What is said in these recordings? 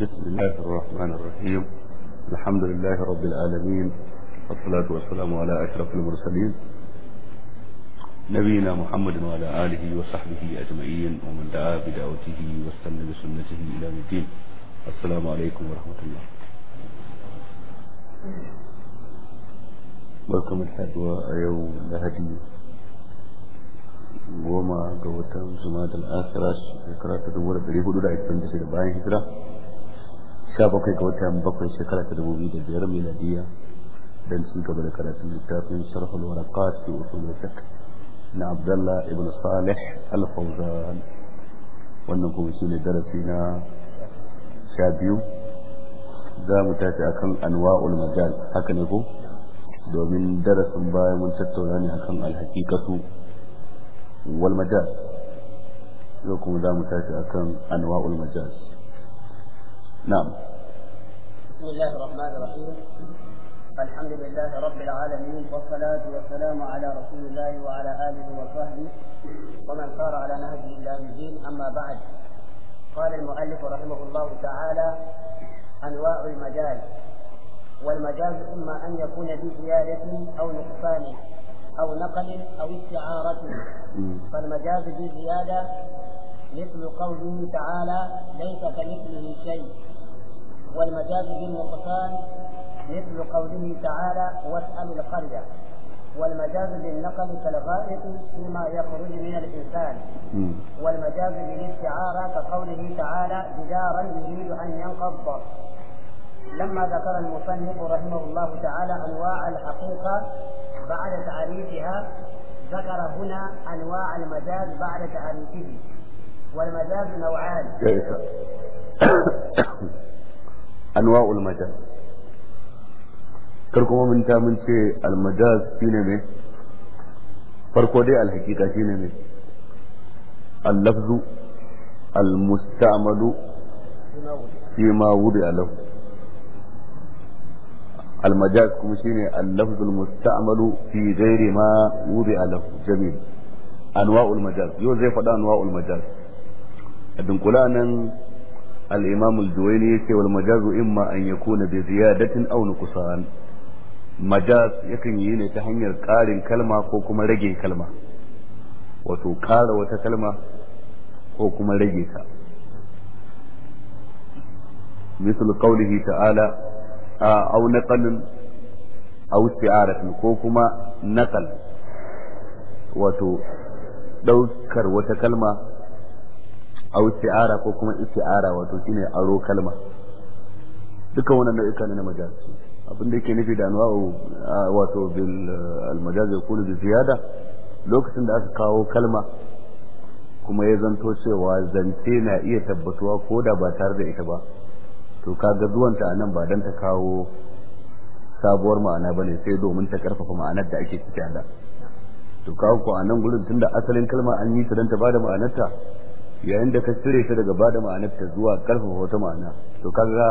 بسم الله الرحمن الرحيم الحمد لله رب العالمين والصلاة والسلام على أشرف المرسلين نبينا محمد وعلى آله وصحبه أجمعين ومن دعا بدعوته واستنى بسنته إلى الدين السلام عليكم ورحمة الله barkamu الحدوى haduwa الهدي وما قوتهم goma الآخرات watan تدور بريبود لا shekara ta باين da sha bakwai ga watan bakwai shekara ta dubu biyu da biyar miladiya don ci gaba da karatun littafin sharhul waraqat fi usul fiqh na Abdullah ibn Salih al-Fawzan wannan kuma shine darasi na sha biyu za mu tafi akan anwa'ul majal haka ne ko domin darasin baya mun tattauna ne akan alhaqiqatu wal majal yau kuma za mu tafi akan anwa'ul majal نعم بسم الله الرحمن الرحيم الحمد لله رب العالمين والصلاة والسلام على رسول الله وعلى آله وصحبه ومن سار على نهجه إلى الدين أما بعد قال المؤلف رحمه الله تعالى أنواع المجاز والمجاز إما أن يكون بزيادة أو نقصان أو نقل أو استعارة فالمجاز بزيادة مثل قوله تعالى ليس كمثله شيء والمجاز بالنقصان مثل قوله تعالى واسأل القرية والمجاز بالنقل كالغائط فيما يخرج من الإنسان والمجاز بالاستعارة كقوله تعالى جدارا يريد أن ينقض لما ذكر المصنف رحمه الله تعالى أنواع الحقيقة بعد تعريفها ذكر هنا أنواع المجاز بعد تعريفه والمجاز نوعان anwa'ul majaz kar kuma mun ta mun ce al-majaz shine ne farko dai al-haqiqa shine ne al-lafzu al-musta'malu fi ma wudi'a lahu المجاز كما شيني اللفظ المستعمل في غير ما وضع له جميل انواع yau zai faɗa فدا انواع المجاز ادن nan. al-imam al-juwayni yace wal majazu imma an yakuna bi ziyadatin aw nuqsan majaz yakan yi ne ta hanyar ƙarin kalma ko kuma rage kalma wato ƙara wata kalma ko kuma rage ta misal qawlihi ta'ala aw naqalun aw isti'aratun ko kuma naqal wato ɗaukar wata kalma aw isti'ara ko kuma isti'ara wato shine aro kalma duka wannan nau'ika ne na majazi abin da yake nufi da anwa'u wato bil al majaz bi ziyada lokacin da aka kawo kalma kuma ya zanto cewa zance na iya tabbatuwa ko da ba tare da ita ba to ga zuwanta anan ba dan ta kawo sabuwar ma'ana bane sai domin ta karfafa ma'anar da ake ciki da to kawo ko anan gurin tunda asalin kalma an yi ta dan ta bada ma'anarta yayin da ka cire ta daga bada ma'anarta zuwa karfafa wata ma'ana to kaga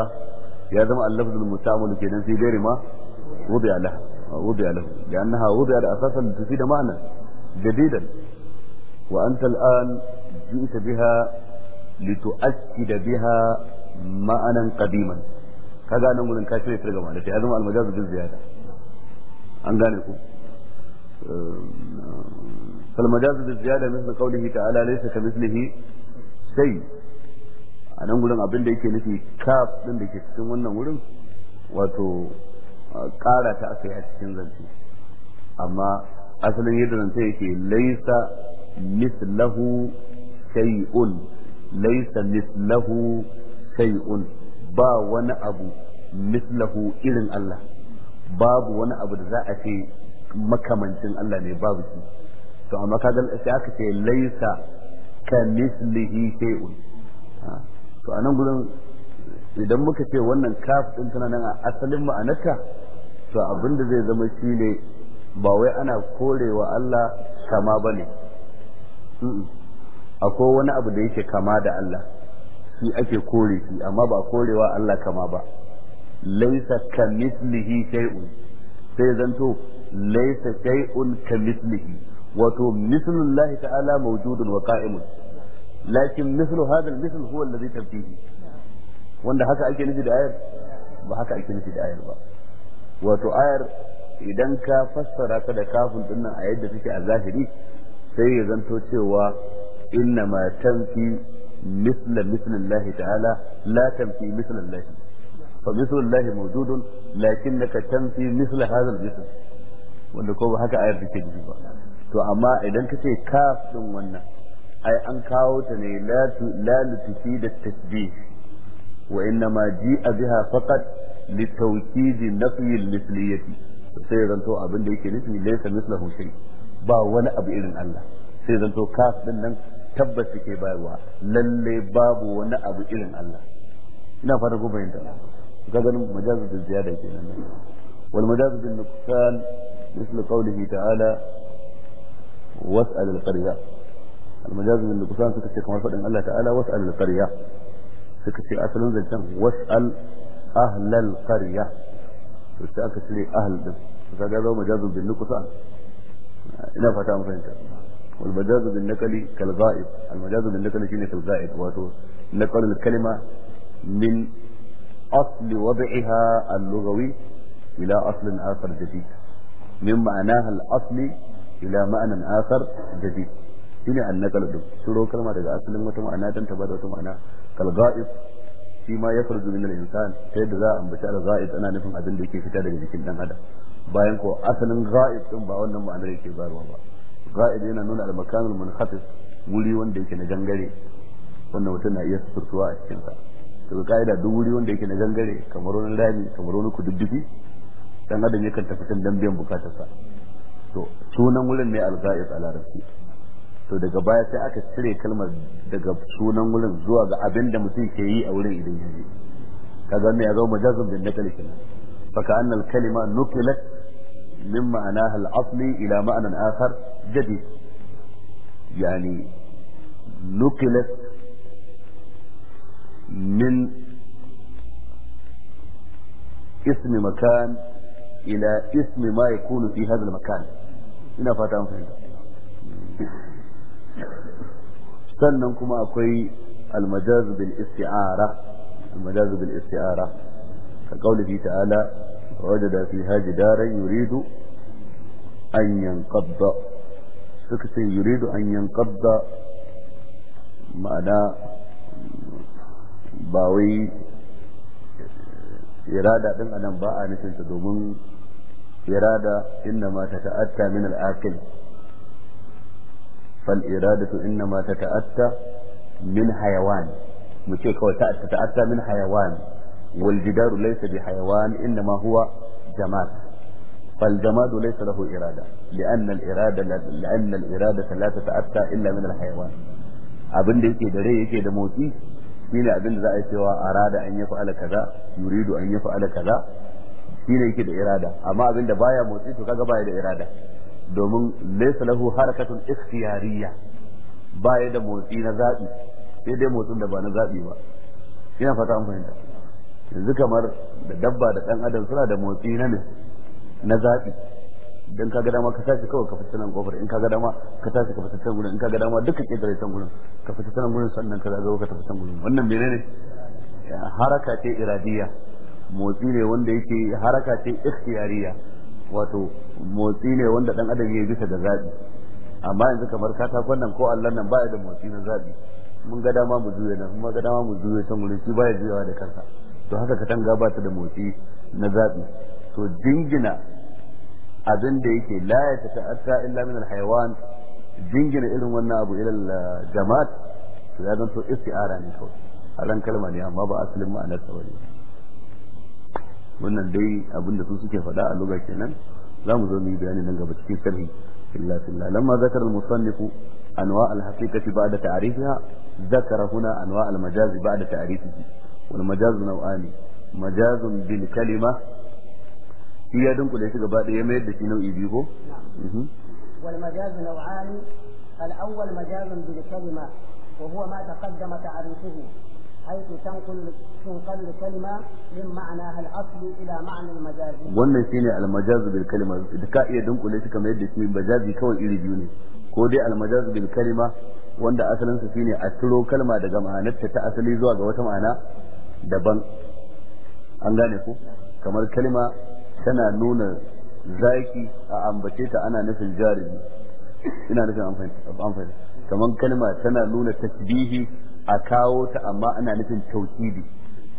ya zama al-lafzul musta'mal kenan sai dai ma wubi alaha wubi alaha li'annaha wubi ala asasan tufida ma'ana jadidan wa anta al'an ji'ta biha litu'akkida biha ma'anan qadiman kaga nan gurin ka cire ta daga ma'anarta ya zama al-majaz bil ziyada an gane ku فالمجاز بالزيادة مثل قوله تعالى ليس كمثله sai a nan gudun abin da yake nufi kaf din da ke cikin wannan wurin wato ƙara ta aka yi a cikin zance amma asalin yadda zance yake laisa mislahu shay'un laisa mislahu shay'un ba wani abu mislahu irin Allah babu wani abu da za a ce makamancin Allah ne babu shi to amma kaga sai aka ce laisa ka mislihi ah, to anan gudun idan muka ce wannan kaf din tana nan a asalin ma'anarta to abin da zai zama shi ne ba wai ana korewa Allah kama bane akwai wani abu da yake kama da Allah shi ake kore shi amma ba korewa Allah kama ba laisa ka shay'un sai zanto laisa shay'un ka wato mislun mislullahi ta'ala mawjudun wa qa'imun lakin mislu hadha al-misl huwa alladhi tabdihi wanda haka ake nufi da ayar ba haka ake nufi da ayar ba wato ayar idan ka fassara ta da kafin dinnan a yadda take a zahiri sai ya zanto cewa inna ma tanfi misla mislillahi ta'ala la tanfi mislillahi fa mislillahi mawjudun lakinnaka tanfi misla hadha al-misl wanda ko ba haka ayar take nufi ba to amma idan ka ce kaf wannan ai an kawo ta ne la da tasbih wa inna ma ji a biha faqat li tawkidi nafyi al-mithliyati sai zanto abin da yake nufi laysa mithlahu shay ba wani abu irin Allah sai zanto kaf din nan tabbas suke bayarwa lalle babu wani abu irin Allah ina fara ku fahimta ga ganin majazul ziyada kenan wal majazul nuqsan مثل قوله تعالى واسأل القرية المجاز من القسان سكت شيخ مرفض أن الله تعالى واسأل القرية في شيخ أسل ونزل جنب واسأل أهل القرية وشتاك شلي أهل دم فساق هذا هو مجاز من القسان إنا فتاة مفهنة والمجاز من النقل كالغائب المجاز من النقل شيني كالغائب واتو نقل الكلمة من أصل وضعها اللغوي إلى أصل آخر جديد من معناها الأصلي ila ma'anan akhar jadid ne annakal din suro kalma daga asalin wata ma'ana dan ta bada wata ma'ana kal ghaib shi ma ya farzu min al-insan ta yadda za a ambaci al-ghaib ana nufin abin da yake fita daga jikin dan adam bayan ko asalin ghaib din ba wannan ma'anar yake bayarwa ba ghaib yana nuna al-makan al-munhatis wanda yake na gangare wannan mutum na iya surtuwa a cikin sa to kaida duk wuri wanda yake na gangare kamar wani rami kamar wani kududdufi dan adam yakan tafi can dan biyan bukatarsa to sunan wurin ne al-ghaib a larabci to daga baya sai aka cire kalmar daga sunan wurin zuwa ga abin da mutum ke yi a wurin idan yaje kaga wannan ya zama majazum bin nakal kenan faka anna al-kalima nuqilat min ma'anaha al-asli ila ma'anan akhar jadid yani nuqilat min اسم مكان إلى اسم ما يكون في هذا المكان ina fata an fahimta sannan kuma akwai almajaz bil isti'ara almajaz bil isti'ara ka kaulihi ta'ala wajada fi haji daran yuridu an yanqadda suka ce yuridu an yanqadda ma'ana ba wai irada din anan ba a nufin domin إرادة إنما تتأتى من الآكل فالإرادة إنما تتأتى من حيوان مشيك هو تتأتى من حيوان والجدار ليس بحيوان إنما هو جماد فالجماد ليس له إرادة لأن الإرادة لأن الإرادة لا تتأتى إلا من الحيوان أبن da yake da rai yake da motsi shine abin da za a yi cewa arada shi ne yake da irada amma abin da baya motsi to kaga baya da irada domin laysa lahu harakatun ikhtiyariyya baya da motsi na zabi sai dai motsin da ba na zabi ba ina fata an fahimta yanzu kamar da dabba da dan adam suna da motsi na ne na zabi dan kaga dama ka tashi kawai ka fita nan kofar in kaga dama ka tashi ka fita can gurin in kaga dama duka kedare can gurin ka fita can gurin sannan ka zagawo ka tafi can gurin wannan menene haraka ce iradiyya motsi ne wanda yake haraka ce ikhtiyariya wato motsi ne wanda dan adam ya bisa da zabi amma yanzu kamar katakon nan ko Allah nan baya da motsi na zabi mun ga dama mu juya nan mun ga dama mu juya san wurin shi baya juyawa da kansa to haka ka tanga ba ta da motsi na zabi to dingina abin da yake la ya ta'atta illa min alhayawan dingina irin wannan abu ila jama'at to ya zanto isti'ara ne kawai alan kalma ne amma ba asalin ma'anar ta bane wannan dai abinda sun suke faɗa a lugha kenan za mu zo mu yi bayani nan gaba cikin sharhi illa illa lamma zakara al-musannif anwa al-haqiqati ba'da ta'rifiha zakara huna anwa al-majaz ba'da ta'rifihi wal majaz naw'ani majazun bil kalima shi ya dunkule shi gaba ɗaya mayar da shi nau'i biyu ko mhm. wal majaz naw'ani al-awwal majazun bil kalima huwa ma taqaddama تعريفه حيث تنقل تنقل الكلمة من معناها الأصلي إلى معنى المجاز wannan shine almajaz bil kalima da ka iya dunkule shi kamar yadda shi majazi kawai iri biyu ne ko dai almajaz bil kalima wanda asalin sa shine a ciro kalma daga ma'anarta ta asali zuwa ga wata ma'ana daban an gane ku kamar kalma tana nuna zaki a ambace ta ana nufin jarumi ina nufin amfani kamar kalma tana nuna tasbihi a kawo ta amma ana nufin tauhidi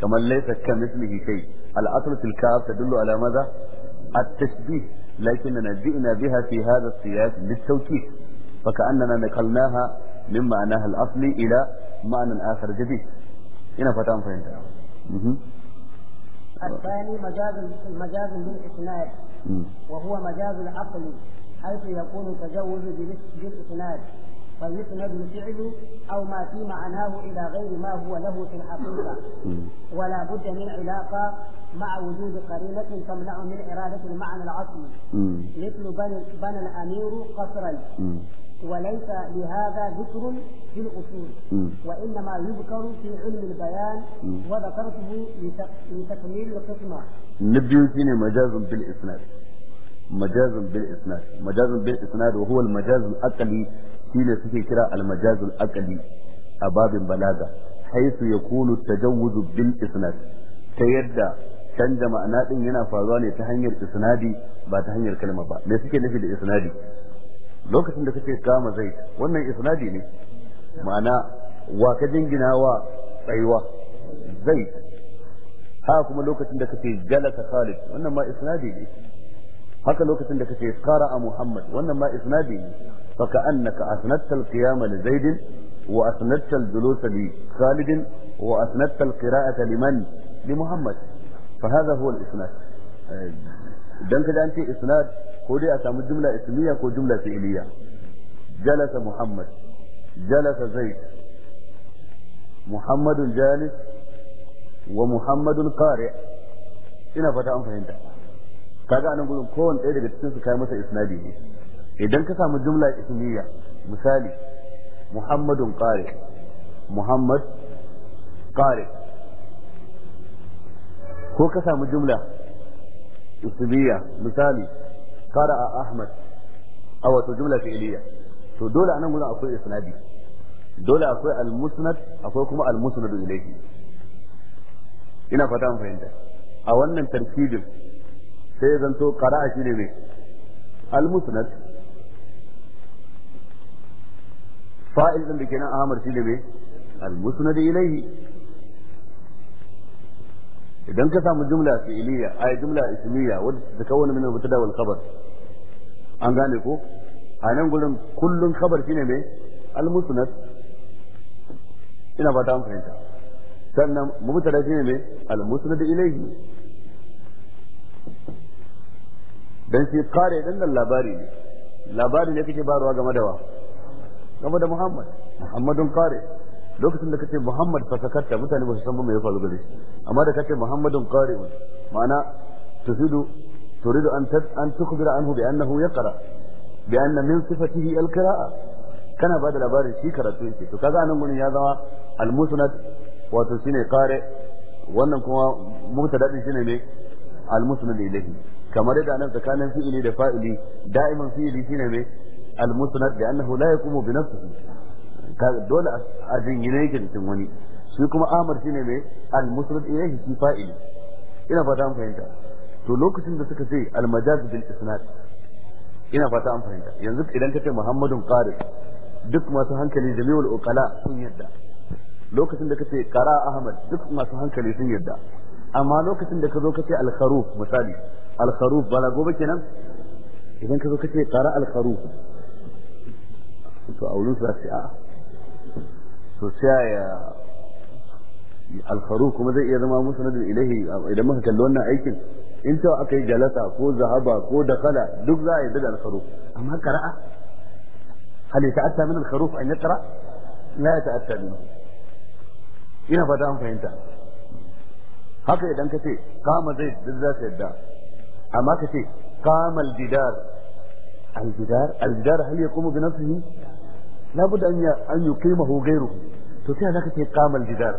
kamar laysa kan mislihi kai al-aslu fil kaf tadullu ala madha at-tashbih lakinna ji'na biha fi hadha as-siyaq lit-tawkid فكأننا نقلناها من معناها الأصلي إلى معنى آخر جديد هنا فتاة فهمت الثاني مجاز مجاز بالإسناد وهو مجاز العقل حيث يكون التجوز بالإسناد فيسند الفعل أو ما في معناه إلى غير ما هو له في الحقيقة ولا بد من علاقة مع وجود قرينة تمنع من إرادة المعنى العصمي مثل بنى الأمير قصرا وليس لهذا ذكر في الأصول وإنما يذكر في علم البيان وذكرته لتكميل القسمة نبي فيني مجاز بالإسناد مجاز بالإسناد مجاز بالإسناد وهو المجاز الأقلي shine suke kira almajazul aqli a babin balaga haisu yakunu tajawuzu bil isnad ta yadda canja ma'ana din yana faruwa ne ta hanyar isnadi ba ta hanyar kalma ba me suke nufi da isnadi lokacin da kake kama zai wannan isnadi ne ma'ana wa ka jingina wa tsayuwa zai ha kuma lokacin da kake galata khalid wannan ma isnadi ne haka lokacin da kake a muhammad wannan ma isnadi ne فكأنك أثنت القيام لزيد وأثنت الجلوس لخالد وأثنت القراءة لمن لمحمد فهذا هو الإسناد دلت أنت إسناد قولي أسام الجملة إثمية قو جملة إلية جلس محمد جلس زيد محمد جالس ومحمد قارئ إنا فتاة أنفهن كذا أنا أقول كون إيه لكي تسكي مثل idan ka samu jumla ismiya misali muhammadun qari muhammad qari ko ka samu jumla ismiya misali qara'a ahmad a wato jumla fi'liya to dole anan gurin akwai isnadi dole akwai al akwai kuma al-musnadu ilayhi ina fata an fahimta a wannan tarkibin sai zanto qara'a shine ne al-musnad fa'il din da a hamar shi ne al-musnad ilayhi idan ka samu jumla fi'iliya ay jumla ismiya wadda ta kawo min al-mubtada wal khabar an gane ko a nan gurin kullun khabar shine me al-musnad ina ba ta fahimta sannan mubtada shine me al-musnad ilayhi dan shi kare dan labari ne labari ne kake barwa game da wa game da Muhammad Muhammadun kare lokacin da kace Muhammad fa sakatta mutane ba su san me ya faru gare shi amma da kace Muhammadun kare ma'ana tufidu turidu an an tukhbira anhu bi annahu yaqra bi anna min sifatihi al-qira'a kana bada labarin shi karatu yake to kaga anan gurin ya zama al-musnad wato shine Kare wannan kuma mubtada din shine ne al-musnad ilayhi kamar da nan tsakanin fi'ili da fa'ili da'iman fi'ili shine ne al-musnad da annahu la yaqumu bi nafsihi dole a jingine yake cikin wani shi kuma amar shine mai al-musnad ilayhi shi fa'ili ina fata an fahimta to lokacin da suka ce al-majaz bil isnad ina fata an fahimta yanzu idan ka ce muhammadun qari duk masu hankali jami'ul uqala sun yadda lokacin da ka ce qara ahmad duk masu hankali sun yadda amma lokacin da ka zo gobe kenan idan ka to a wurin sa sai a to sai ya alfaru kuma zai iya zama musu musnadin ilahi idan muka kalli wannan aikin in ta aka yi galata ko zahaba ko dakala duk za a yi daga alfaru amma qara'a ta yata'atta min al kara na ya la yata'atta min ina fata an fahimta haka idan ka ce kama zai duk za su yadda amma ka ce kama al-jidar al-jidar al-jidar hal yaqumu bi nafsihi labudda an an yuqimahu ghayruhu to sai zaka ce qamal jidar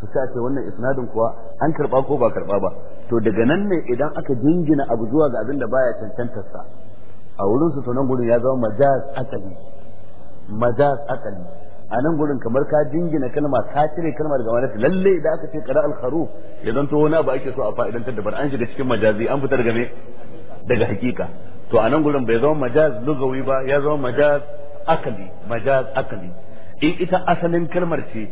to sai ce wannan isnadin kuwa an karba ko ba karba ba to daga nan ne idan aka jingina abu zuwa ga abin da baya cancantar sa a wurin su to nan gurin ya zama majaz akali majaz akali a nan gurin kamar ka jingina kalma ka cire kalma daga wani lalle idan aka ce qara al-kharuf ya zanto wani abu ake so a fa'idantar da bar an shiga cikin majazi an fitar daga me daga hakika to a nan gurin bai zama majaz lugawi ba ya zama majaz akali majaz akali in ita asalin kalmar ce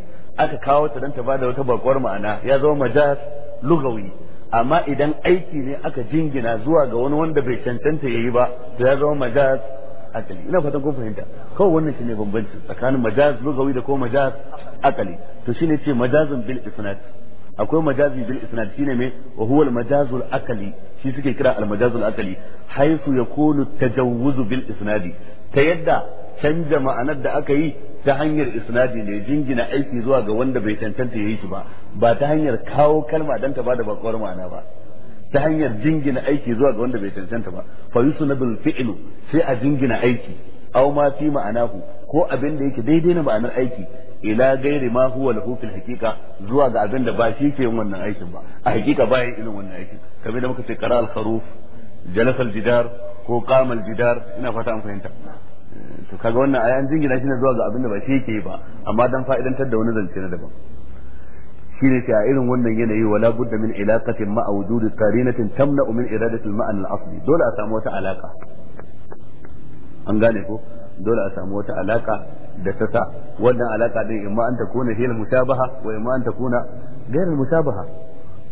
aka kawo ta dan ta bada wata bakwar ma'ana ya zama majaz lugawi amma idan aiki ne aka jingina zuwa ga wani wanda bai cancanta yayi ba to ya zama majaz akali ina fatan kun fahimta kawai wannan shine bambanci tsakanin majaz lugawi da ko majaz akali to shine ce majazun bil isnad akwai majazi bil isnad shine me wa huwa al majazul akali shi suke kira al majazul akali haythu yakunu tajawwuzu bil isnadi ta yadda canja ma'anar da aka yi ta hanyar isnadi ne jingina aiki zuwa ga wanda bai ya yi shi ba ba ta hanyar kawo kalma dan ta bada bakwar ma'ana ba ta hanyar jingina aiki zuwa ga wanda bai cancanta ba fa yusnabil fi'lu sai a jingina aiki aw ma fi ma'anahu ko abin da yake daidai na ma'anar aiki ila gairi ma huwa lahu fil haqiqa zuwa ga abin da ba shi ke yin wannan aikin ba a hakika bayan irin wannan aikin kamar da muka ce qara al kharuf jalasa al jidar ko qama al jidar ina fata an fahimta to kaga wannan ai an jingina shi ne zuwa ga abinda ba shi yake ba amma dan fa'idantar da wani zance na daban shine ta irin wannan yanayi wala budda min ilaqatin ma wujud qarinatin tamna min iradati al-ma'an al-asli dole a samu wata alaka an gane ko dole a samu wata alaka da ta sa wannan alaka din imma an takuna hiya al-mutabaha wa imma an takuna ghayr al-mutabaha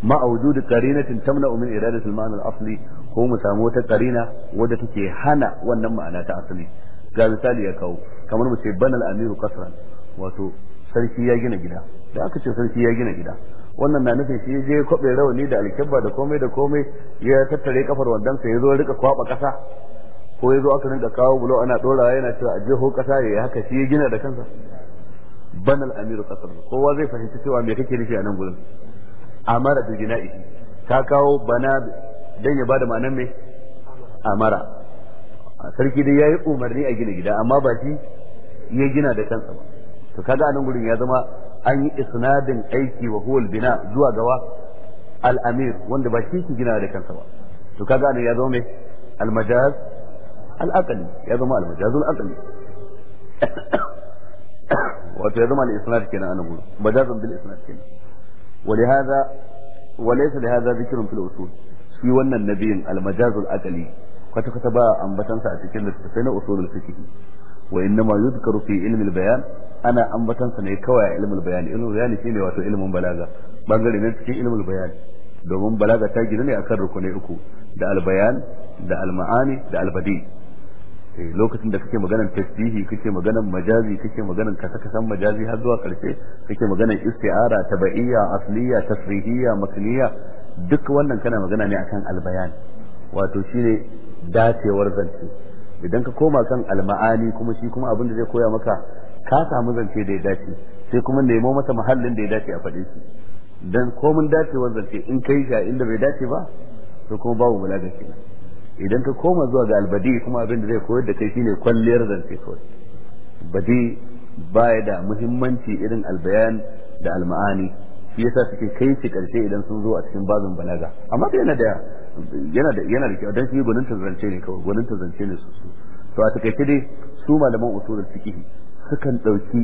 ma wujud qarinatin tamna min iradati al-ma'an al-asli ko mu samu wata qarina wadda take hana wannan ma'ana ta asali ga misali ya kawo kamar mu ce banal amiru kasran wato sarki ya gina gida da aka ce sarki ya gina gida wannan na nufin shi je kwabe rawani da alkibba da komai da komai ya tattare kafar wandan sa yazo rika kwaba kasa ko yazo aka rinka kawo bulo ana dorawa yana cewa a jeho kasa yayi haka shi ya gina da kansa banal amiru kasar kowa zai fahimci cewa me kake nufi a nan gurin amara da jina'i ka kawo bana dan ya bada ma'anar me amara sarki dai ya yi umarni a gina gida amma ba shi ya gina da kansa ba to kaga nan gurin ya zama an yi isnadin aiki wa huwal bina zuwa gawa al-amir wanda ba shi ke gina da kansa ba to kaga nan ya zama mai al-majaz al-aqli ya zama al-majaz al-aqli wato ya zama al-isnad kenan anan gurin majazan bil isnad kenan ولهذا وليس لهذا ذكر في الأصول في ون النبي المجاز الأقلي kwata kwata ba ambatansa a cikin littattafai na usulul fiqh wa innama yuzkaru fi ilmi bayan ana ambatansa ne kawai a ilimin bayan ilmul bayan shine wato ilmin balaga bangare ne cikin ilimin bayan domin balaga ta gina ne akan rukunai uku da albayan da almaani da albadi eh, lokacin da kake maganar tasbihi kake maganar majazi kake maganar kasa kasan majazi har zuwa karshe kake maganar isti'ara tabaiya asliya tasrihiyya makniya duk wannan kana magana ne akan albayan wato shine dacewar zance idan ka koma kan alma'ani kuma shi kuma abin da zai koya maka ka samu zance da ya dace sai kuma nemo mata mahallin da ya dace a faɗe shi dan komin dacewar zance in kai shi a inda bai dace ba to kuma babu balaga kenan idan ka koma zuwa ga albadi kuma abin da zai koyar da kai shine kwalliyar zance kawai badi baya da muhimmanci irin albayan da alma'ani shi yasa suke kai shi karshe idan sun zo a cikin bazin balaga amma da yana da yana da yana da kyau dan shi gwanin tazarance ne kawai gwanin tazarance ne su su to a takaice dai su malaman usulul fiqh sukan dauki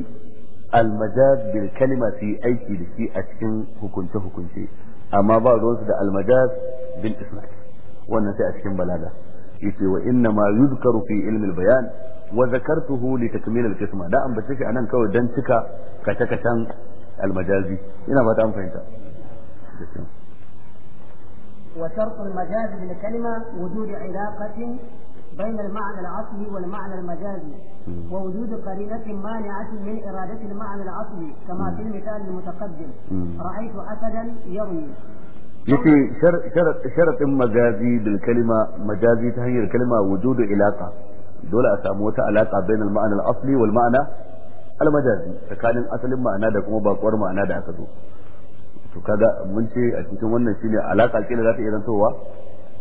almajaz bil kalima su aiki da shi a cikin hukunce hukunce amma ba su da almajaz bil isnad wannan sai a cikin balaga yace wa inna ma yuzkaru fi ilmi al bayan wa zakartuhu li takmil al qisma da an bace shi anan kawai dan cika kace kacen almajazi ina fata an fahimta وشرط المجاز للكلمة وجود علاقة بين المعنى العصلي والمعنى المجازي ووجود قرينة مانعة من إرادة المعنى العصلي كما في المثال المتقدم رأيت أسدا يرمي يكي شرط, شرط مجازي بالكلمة مجازي تهي الكلمة وجود علاقة دولة أساموتا علاقة بين المعنى الأصلي والمعنى المجازي فكان الأصل معنى دكم وباقور معنى دعسدو to kaga mun ce a cikin wannan shine alaka kila za ta iya zantowa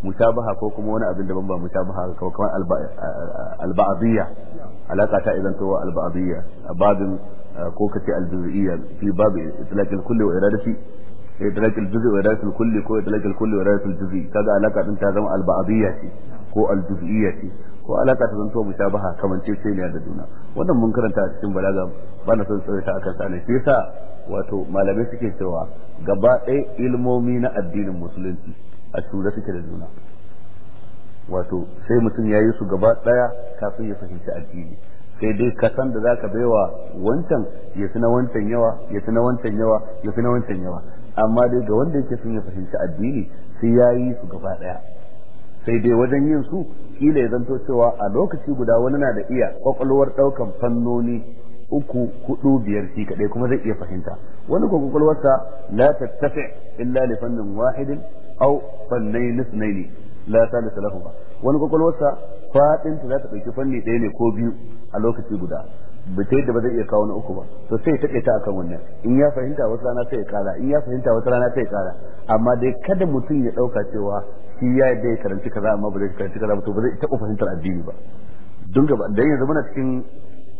mutabaha ko kuma wani abin daban ba mutabaha ko kamar alba'adiyya alaka ta iya zantowa alba'adiyya a babin ko kace aljuz'iyya fi babin itlaqil kulli wa iradati إطلاق الجزء وإرادة الكل كو إطلاق الكل وإرادة الجزء كذا علاقة أنت هذا البعضية كو الجزئية ko alaka ta zanto mushabaha kamar ce ne da juna wannan mun karanta a cikin balaga ba na son ta akan sa ne shi yasa wato malamai suke cewa gaba ɗaya ilmomi na addinin musulunci a tura suke da juna wato sai mutum ya yi su gaba ɗaya kafin ya fahimci addini sai dai ka san da zaka baiwa wancan ya fi na wancan yawa ya fi na wancan yawa ya fi na wancan yawa amma dai ga wanda yake son ya fahimci addini sai ya yi su gaba ɗaya sai dai wajen yin su kila ya zanto cewa a lokaci guda wani na da iya kwakwalwar daukan fannoni uku hudu biyar shi kadai kuma zai iya fahimta wani ko kwakwalwarsa la tattafi illa li fannin wahidin aw fannayn ithnayn la thalith lahuma wani kwakwalwarsa fadin ta za ta dauki fanni ɗaya ne ko biyu a lokaci guda ba da ba zai iya kawo na uku ba to sai ta ta akan wannan in ya fahimta wata rana sai ya kara in ya fahimta wata rana sai ya kara amma dai kada mutum ya dauka cewa shi ya yadda ya karanci za amma ba zai karanci za ba to ba zai taɓa fahimtar addini ba don gaba dan yanzu muna cikin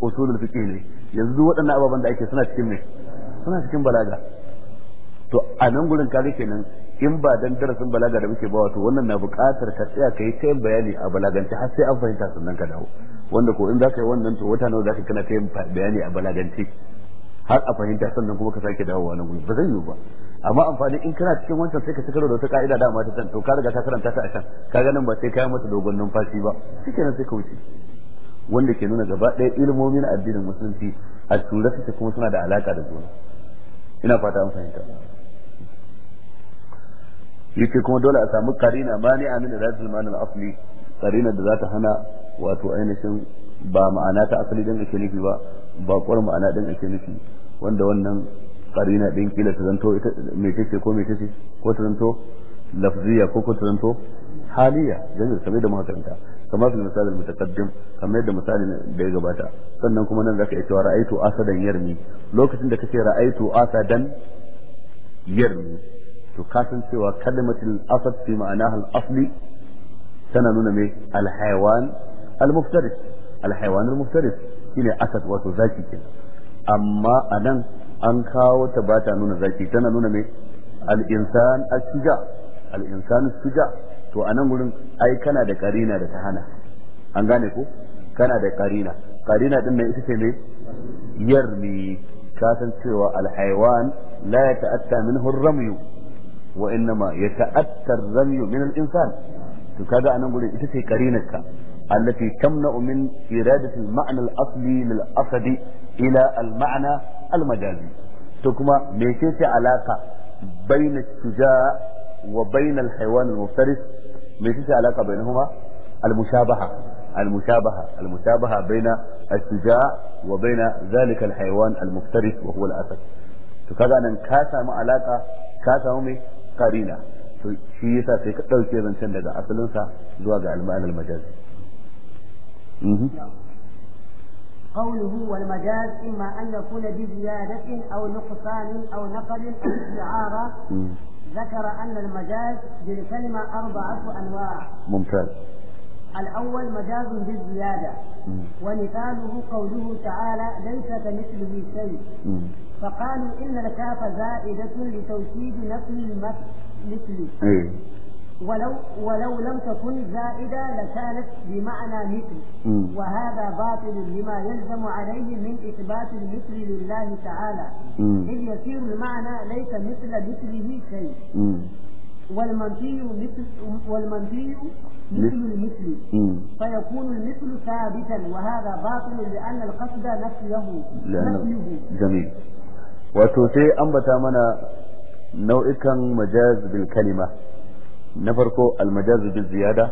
usulul fiqh ne yanzu waɗannan ababen da ake suna cikin ne suna cikin balaga to a nan gurin kaga kenan in ba dan darasin balaga da muke ba to wannan na buƙatar ka tsaya kai kai bayani a balagance har sai an fahimta sannan ka dawo wanda ko in za ka yi wannan to wata nawa za ka kana kai bayani a balagance har a fahimta sannan kuma ka sake dawowa nan gurin ba zai yiwu ba amma amfani in kana cikin wancan sai ka ci karo da wata ka'ida da amma ta can to ka riga ka karanta ta a can ka nan ba sai ka yi mata dogon numfashi ba nan sai ka wuce wanda ke nuna gaba ɗaya ilmomin addinin musulunci a tura ta kuma suna da alaka da juna ina fata an fahimta yake kuma dole a samu karina mani amin radul na asli karina da za ta hana wato ainihin ba ma'ana ta asali din ake nufi ba ba kwar ma'ana din ake nufi wanda wannan karina din kila ta zanto ita mecece ko me mecece ko ta zanto lafziya ko ko ta zanto haliya dan kamar da muka karanta kamar fil misal al mutaqaddim kamar da misali da ya gabata sannan kuma nan zaka iya cewa ra'aitu asadan yarmi lokacin da kace ra'aitu asadan yarmi to ka san cewa kalmatul asad fi ma'anaha al asli tana nuna me al hayawan al muftaris al hayawan al muftaris shine asad wato zaki kenan amma anan an kawo ta ba ta nuna zaki tana nuna mai al-insan ashija al-insan to a nan gurin ai kana da karina da ta hana an gane ko kana da karina karina din nan ita ce ne yarmi ka san cewa al la ya minhu min ramy wa innama ya ar-ramy min al'insan to kaga a nan gurin ita ce karinarka التي تمنع من إرادة المعنى الأصلي للأصل إلى المعنى almajazi to kuma me ce alaka baina shuja wa baina alhaywan almuftaris me ce ce alaka bainahuma almushabaha المشابهة المشابهة بين الشجاع وبين ذلك الحيوان المفترس وهو الأسد فكذا أن كاسا ما علاقة كاسا همي قرينة shi yasa sai ka ɗauke zancen daga asalinsa zuwa ga alma'anar قوله والمجاز إما أن يكون بزيادة أو نقصان أو نقل أو استعارة ذكر أن المجاز بالكلمة أربعة أنواع ممتاز الأول مجاز بالزيادة ومثاله قوله تعالى ليس كمثله شيء فقالوا إن الكاف زائدة لتوكيد نفي المثل ولو ولو لم تكن زائدة لكانت بمعنى مثل وهذا باطل لما يلزم عليه من إثبات المثل لله تعالى إذ يصير المعنى ليس مثل مثله شيء والمنفي مثل والمنفي مثل المثل فيكون المثل ثابتا وهذا باطل لأن القصد نفيه نفيه جميل وتوتي أنبت منا نوعكا مجاز بالكلمة na farko almajazu bil ziyada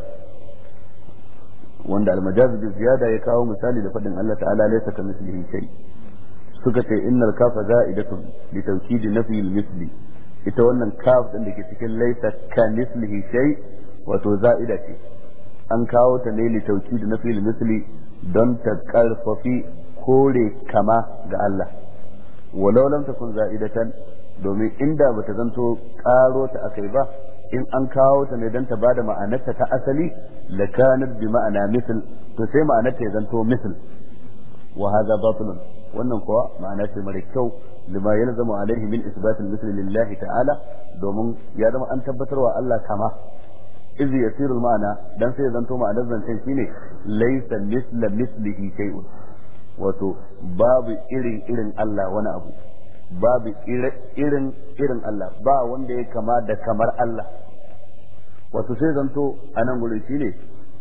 wanda almajazu ziyada ya kawo misali da faɗin Allah ta'ala ka kamithlihi shai suka ce innal kafa za'idatun li tawkid nafi al misli ita wannan kaf din da ke cikin ka kamithlihi shai wato za'ida ce an kawo ta ne li tawkid nafi al misli don ta karfafi kore kama ga Allah walau lam takun za'idatan domin inda bata zanto karo ta akai ba in an kawo ta ne don ta bada ma'anarta ta asali la kanat bi ma'ana misl to sai ma'anarta ya zanto misl wa hadha batilun wannan kuwa ma'ana ce mara kyau lima zama alaihi min isbat al lillahi ta'ala domin ya zama an tabbatarwa Allah kama Izi yasiru maana dan sai ya zanto ma'anar zancen shine laysa misla mislihi shay'un wato babu irin irin Allah wani abu babu irin irin Allah ba wanda ya kama da kamar Allah wato sai zanto a nan shi ne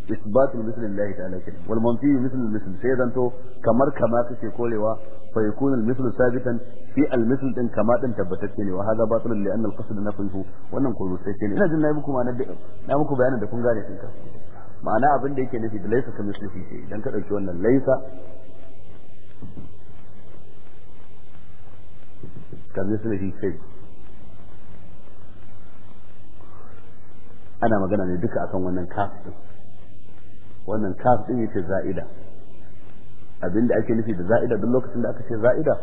isbatul misl lillahi ta'ala kenan wal manfi misl misl sai zanto kamar kama kake korewa fa yakun al misl sabitan fi al misl din kama din tabbatacce ne wa hada batil li anna al qasd nafihu wannan ko rusai kenan ina jin na muku ma na muku bayanin da kun gane kin ma'ana abin da yake nufi da laisa kamislihi sai idan ka dauki wannan laisa kamislihi shay ana magana ne duka akan wannan kafin wannan kafin yake za'ida abinda ake nufi da za'ida duk lokacin da aka ce za'ida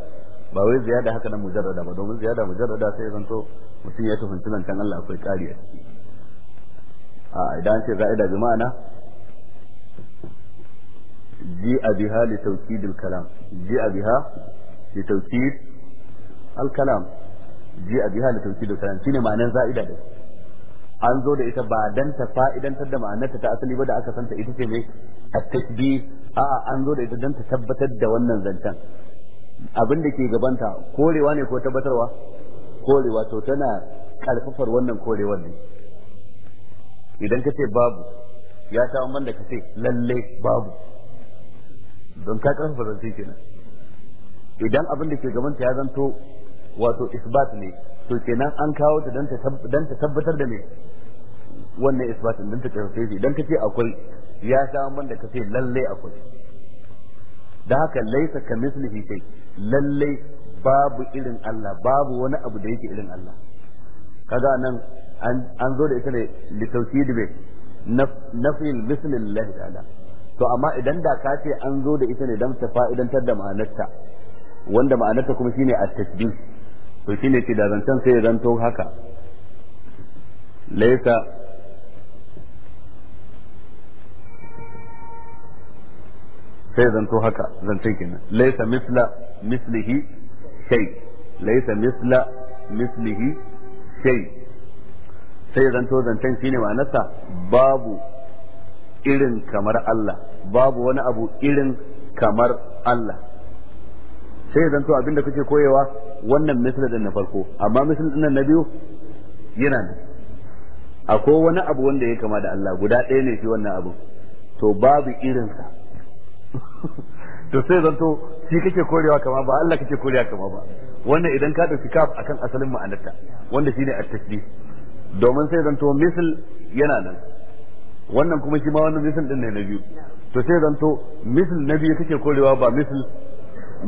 ba wai ziyada haka nan mujarrada ba domin ziyada mujarrada sai zanto mutum ya tafi nan kan Allah akwai kariya a idan ce za'ida bi ma'ana ji a biha li tawkidil kalam ji abiha li tawkid al-kalam ji a biha da tauki da kalam ne ma'anar za'ida da an zo da ita ba dan ta fa'idantar da ma'anarta ta asali ba da aka santa ita ce ne a tasbi a'a an zo da ita dan ta tabbatar da wannan zancen abin da ke gabanta korewa ne ko tabbatarwa korewa to tana karfafar wannan korewar ne idan ka ce babu ya ta man da ka ce lalle babu don ka karfafa zance kenan idan abin da ke gabanta ya zanto wato isbat ne to kenan an kawo ta dan ta tabbatar da me wannan isbatin dan ta karfafe shi dan kace akwai ya sha man da kace lalle akwai da haka laisa ka mislihi kai lalle babu irin Allah babu wani abu da yake irin Allah kaga nan an zo da ita ne li tawhid be nafi mislillahi ta'ala to amma idan da ka ce an zo da ita ne dan ta fa'idantar da ma'anarta wanda ma'anarta kuma shine at-tasbih to shine ce da zancen sai zan zanto haka laisa sai zanto haka zancen kenan laisa misla mislihi shai. laisa misla mislihi shai. sai zanto zancen shine ma'anarsa babu irin kamar Allah babu wani abu irin kamar Allah sai zanto abinda kake koyewa wannan misal din na farko amma misal din na biyu yana nan akwai wani abu wanda ya kama da Allah guda ɗaya ne shi wannan abu to babu irinsa to sai zanto shi kake korewa kama ba Allah kake korewa kama ba wannan idan ka dauki kaf akan asalin ma'anarta wanda shine at-tasbih domin sai zanto misal yana nan wannan kuma shi ma wannan misal din ne na biyu to sai zanto misal na biyu kake korewa ba misal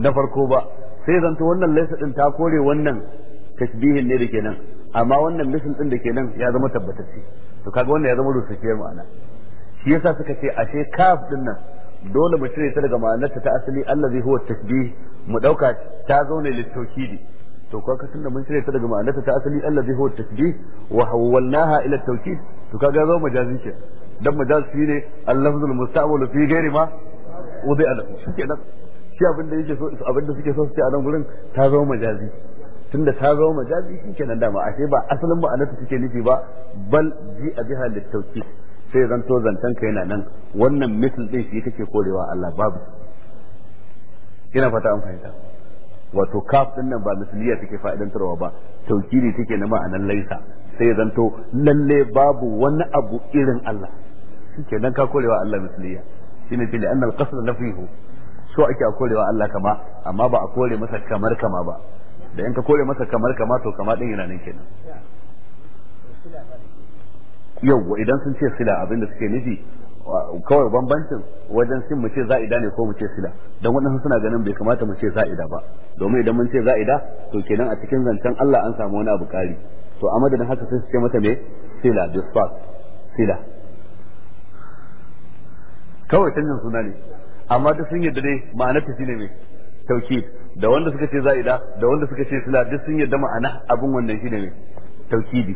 na farko ba sai zanto wannan laysa ta kore wannan tashbihin ne da kenan amma wannan misal din da kenan ya zama tabbatacce to kaga wannan ya zama rusassiyar ma'ana shi yasa suka ce ashe kaf din nan dole mu cire ta daga ma'anarta ta asali allazi huwa tashbih mu dauka ta zo ne litawkidi to ka kasan da mun cire ta daga ma'anarta ta asali allazi huwa tashbih wa hawwalnaha ila tawkid to kaga zo majazi ke dan majazi ne al-lafzul musta'mal fi ghairi ma wudi'a lahu shikenan shi abin da yake so abin da suke so su ce a nan gurin ta zama majazi tunda ta zama majazi shi nan dama ashe ba asalin ma'anar ta suke nufi ba bal ji a jiha littauki sai zan to zantan ka yana nan wannan misal din shi kake korewa Allah babu ina fata an fahimta wato kaf din nan ba misliya take fa'idantarwa ba ne take na ma'anar laisa sai zanto lalle babu wani abu irin Allah nan ka korewa Allah misliya shine fil anna al-qasr nafihu so ake a korewa Allah kama amma ba a kore masa kamar kama ba da in ka kore masa kamar kama to kama din yana nan kenan yawwa idan sun ce sila abin da suke nufi kawai bambancin wajen sin mu ce za'ida ne ko mu ce sila dan waɗansu suna ganin bai kamata mu ce za'ida ba domin idan mun ce za'ida to kenan a cikin zancen Allah an samu wani abu kari to a madadin haka sai su ce mata me sila disfat sila kawai canjin suna ne amma duk sun yadda dai ma'anar ta shine mai tauki da wanda suka ce za'ida da wanda suka ce sila duk sun yadda ma'ana abin wannan shine mai taukidi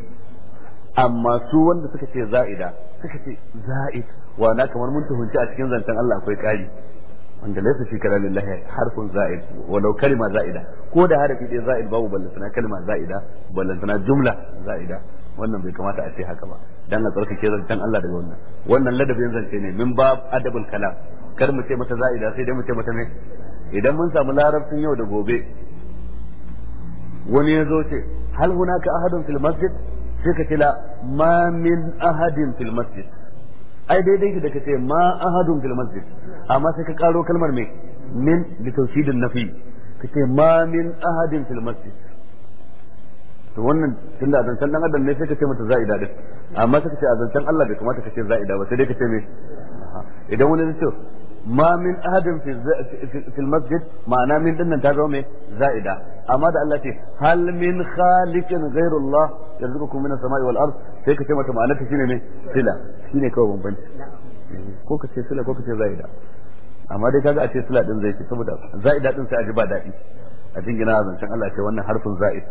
amma su wanda suka ce za'ida suka ce za'id wa na kamar mun tuhunci a cikin zancen Allah akwai kari wanda laysa fi kalamillahi harfun za'id walau kalima za'ida ko da harafi dai za'id babu ballantana kalima za'ida ballantana jumla za'ida wannan bai kamata a ce haka ba dan a tsarkake zancen Allah daga wannan wannan ladabin zance ne min bab adabul kalam kar mu ce mata za'ida sai dai mu ce mata ne idan mun samu larabcin yau da gobe wani ya zo ce hal hunaka ahadun fil masjid sai ka ce la ma min ahadin fil masjid ai daidai ki da ka ce ma ahadun fil masjid amma sai ka karo kalmar me min bi tawhidin nafi ka ce ma min ahadin fil masjid to wannan tunda a zancen dan adam ne sai ka ce mata za'ida din amma sai ka ce a zancen Allah bai kamata ka ce za'ida ba sai dai ka ce me idan wani zai ce ma min ahadin ma'ana min ta zama mai za'ida amma da Allah ce hal min khaliqin ghairullah yarzuqukum min as-sama'i wal sai ka ce mata ma'ana ta shine ne sila shine kawai bambanci ko ka ce ko ka za'ida amma dai kaga a ce sila din zai ce saboda za'ida din sai a ji ba daɗi a jingina zancen Allah ce wannan harfin za'id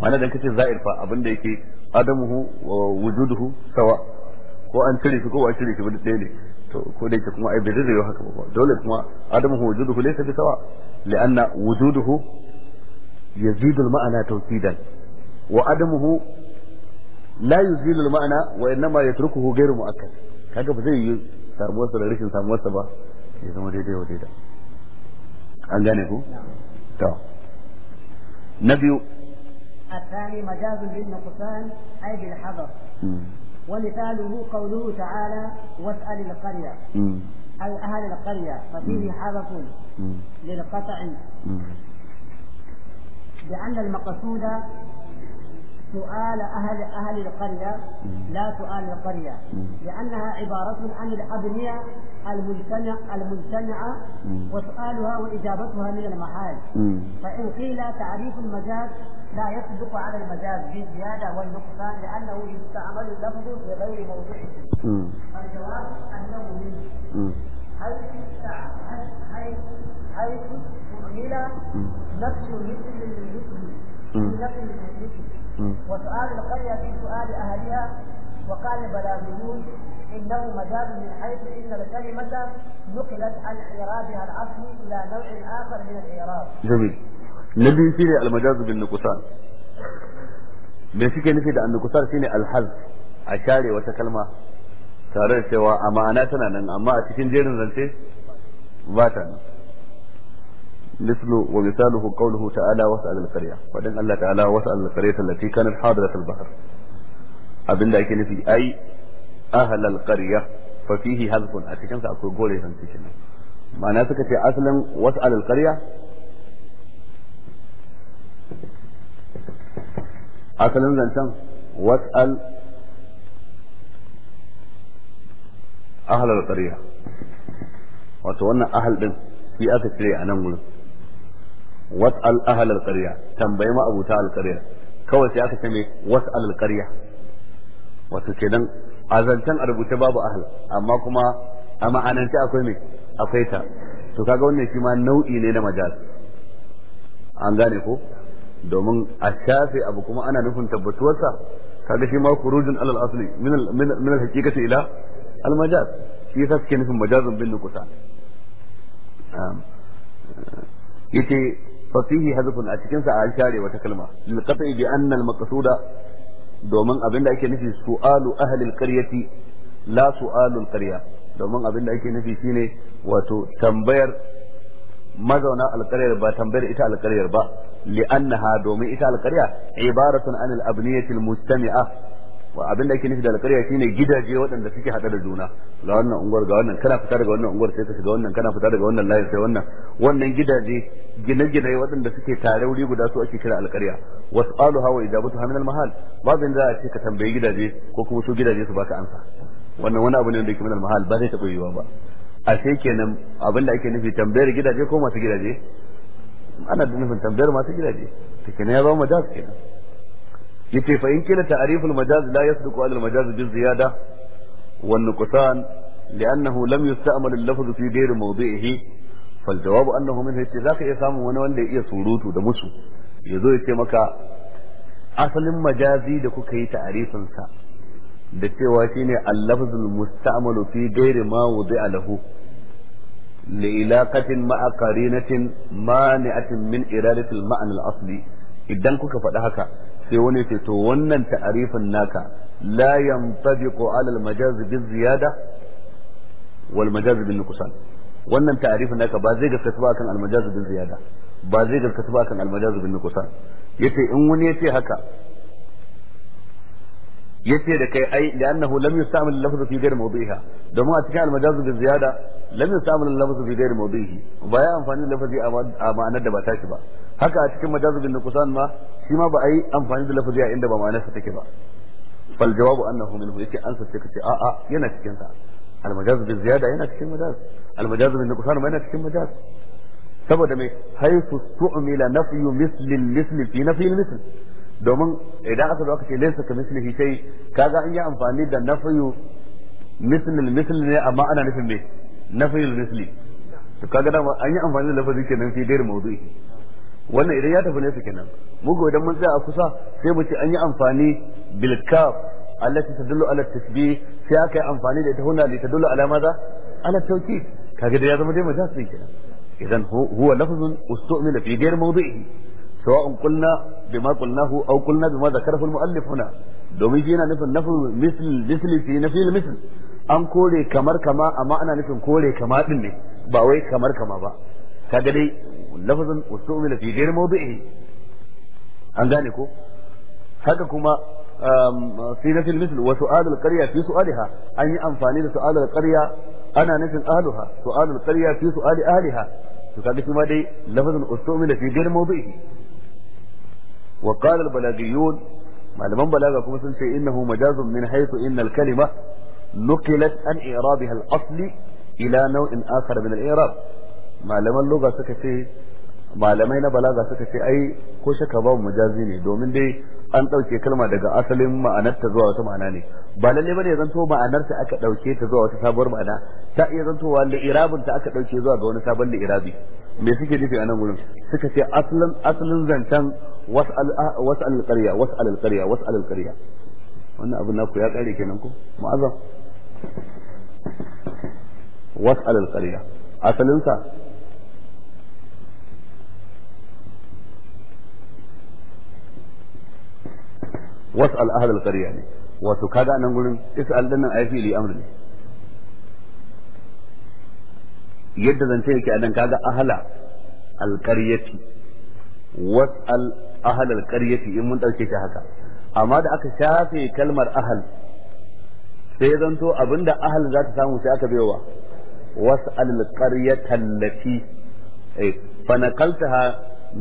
ma'ana dan kace za'id fa abin da yake adamuhu wa sawa ko an shi ko shi ne to ko da yake kuma ai bai zai haka ba dole kuma adamu hu wujuduhu laysa bi sawa li'anna wujuduhu yazidu al-ma'ana tawkidan wa adamuhu la yuzilu al-ma'ana wa innama yatrukuhu ghayru mu'akkad kaga ba zai yi samuwar sa da rashin samuwar sa ba ya zama daidai wa daidai an gane ku to na biyu الثاني مجاز بالنقصان أي بالحظر ومثاله قوله تعالى واسأل القرية أي أهل القرية ففيه حذف للقطع لأن المقصود سؤال أهل أهل القرية لا سؤال القرية لأنها عبارة عن الأبنية المجتمع المجتمعة وسؤالها وإجابتها من المحال فإن قيل تعريف المجاز لا يصدق على المجاز بزيادة والنقصان لأنه يستعمل اللفظ في غير موضعه الجواب أنه من حيث حيث أهل نفس مثل المثل بنفي المثل وسؤال القرية في سؤال أهلها وقال البلاغيون انه مجاز من حيث ان الكلمه نقلت عن اعرابها الاصلي الى نوع اخر من الاعراب. جميل. na biyu shine almajazu bin nukusan me suke nufi da annukusar shine alhaz a share wata kalma tare da cewa a tana nan amma a cikin jerin zance ba ta nan mislu wa misaluhu qawluhu ta'ala wa sa'al al-qarya wa dan Allah ta'ala wa sa'al al-qaryata allati kanat hadirat al-bahr abinda yake nufi ai ahl al-qarya fa fihi hadfun a cikin akwai gore zance kenan ma'ana suka ce asalin wa sa'al al asalin zancen was'al ahlal ƙarya wato wannan ahal din shi aka cire a nan wurin was'al ahlal ƙarya tambayi ma abuta alƙarya kawai sai aka ce mai was'al alƙarya wato kenan a zancen a rubuce babu ahal amma kuma a ma'anance akwai mai akwai ta to kaga wannan shi ma nau'i ne na majal an gane ko domin a shafe abu kuma ana nufin tabbatuwarsa kaga shi ma kurujin alal asli min al min al ila al majaz shi yasa suke nufin majazun bin nukusa yace fa fihi hadfun a cikin sa an share wata kalma lil qat'i bi anna al maqsuda domin abinda ake nufi su'alu ahli al qaryati la su'alu al qarya domin abinda ake nufi shine wato tambayar mazauna alƙaryar ba tambayar ita alƙaryar ba li'annaha domin ita alƙarya ibaratun an al-abniyati al-mustami'a wa abin da ake nufi da alƙarya shine gidaje waɗanda suke haɗe da juna ga wannan fita daga wannan unguwar sai ka shiga wannan kana fita daga wannan layin sai wannan wannan gidaje gine-gine waɗanda suke tare guda su ake kira alƙarya was'alu hawa ijabatu min al-mahal babu inda a ka tambayi gidaje ko kuma su gidaje su baka ansa wannan wani abu ne da yake min al ba zai taɓa yiwuwa ba a sai ake tambayar gidaje ko masu gidaje ana da nufin tambayar masu gidaje take ne ya zama majaz kenan yace fa in Majazi ta'riful majaz la yasduqu al majaz bi ziyada wan nuqsan li'annahu lam yusta'mal al lafz fi ghayri mawdi'ihi fal jawabu annahu minhu yace zaka iya samun wani wanda ya iya surutu da musu Ya zo ya ce maka asalin majazi da kuka yi ta'arifin sa da cewa shine al lafzul musta'malu fi ghairi ma wudi'a لإلاقة مع قرينة مانعة من إرادة المعنى الأصلي إذن كوكا فدهكا سيوني تتونا تعريف ناكا لا ينطبق على المجاز بالزيادة والمجاز بالنقصان wannan ta'arifin naka ba zai gaskata ba kan almajazu bin ziyada ba zai gaskata ba kan almajazu bin nuqsan yace in wani yace haka yace da kai ai da annahu lam yustamil lafzu fi ghairi mawdi'iha domin a cikin almajazu da ziyada lam yustamil lafzu fi ghairi mawdi'ihi ba ya amfani da lafazi a ma'anar da ba ta tashi ba haka a cikin majazu bin nuqsan ma shi ma ba ai amfani da lafazi a inda ba ma'anar sa take ba fal jawabu annahu minhu yace an sace kace a a yana cikin sa almajazu bi ziyada yana cikin majaz almajazu bin nuqsan ma yana cikin majaz saboda mai haythu su'mila nafyu misli misli fi nafyi misli domin idan aka zo aka ce laysa ka mislihi shay kaga an yi amfani da nafyu mislil misl ne amma ana nufin me nafyul misli to kaga da an yi amfani da lafazi kenan fi gairi mawdu'i wannan idan ya tafi nesa kenan mu ko idan mun tsaya a kusa sai mu ce an yi amfani bil kaf allati tadullu ala tasbih sai aka yi amfani da ita huna li tadullu ala madha ala tawkid kaga da ya zama dai majasi kenan idan huwa lafzun ustu'mila fi gairi mawdu'ihi sawa'un qulna bima qulnahu aw qulna bima zakarahu al-mu'allif huna domin shi yana nufin nafi misl misl fi nafi misl an kore kamar kama amma ana nufin kore kama din ba wai kamar kama ba kaga dai lafazin ustumila fi ghayr mawdi'i an gane ko haka kuma um, fi nafi misl wa su'al al-qarya fi su'aliha an yi amfani da su'al al-qarya ana nufin ahluha su'al to dai lafazin ustumila Wakalar qala al malaman balaga kuma sun ce innahu majazun min haythu inna al-kalima nuqilat an i'rabiha al-asli ila nau'in akhar min al-i'rab malaman lugha suka ce malamai na balaga suka ce ai ko shaka babu majazi ne domin dai an ɗauke kalma daga asalin ma'anarta zuwa wata ma'ana ne ba lalle bane zanto ma'anarta aka ɗauke ta zuwa wata sabuwar ma'ana ta iya zantowa da irabin ta aka ɗauke zuwa ga wani sabon irabi me suke nufi a nan suka ce asalin asalin zancen was'al ah, was'al alqarya was'al alqarya was'al alqarya wannan abin naku ya kare kenan ko mu'azzam was'al alqarya asalin sa was'al ahl alqarya ne wato kaga nan gurin is'al din nan ai fi'li amr ne yadda zance yake a nan kaga ahala alqaryati was'al ahlal qaryati in mun dauke shi haka amma da aka shafe kalmar ahal sai zanto abinda ahal za ta samu sai aka baiwa was'al qaryata allati eh fa naqaltaha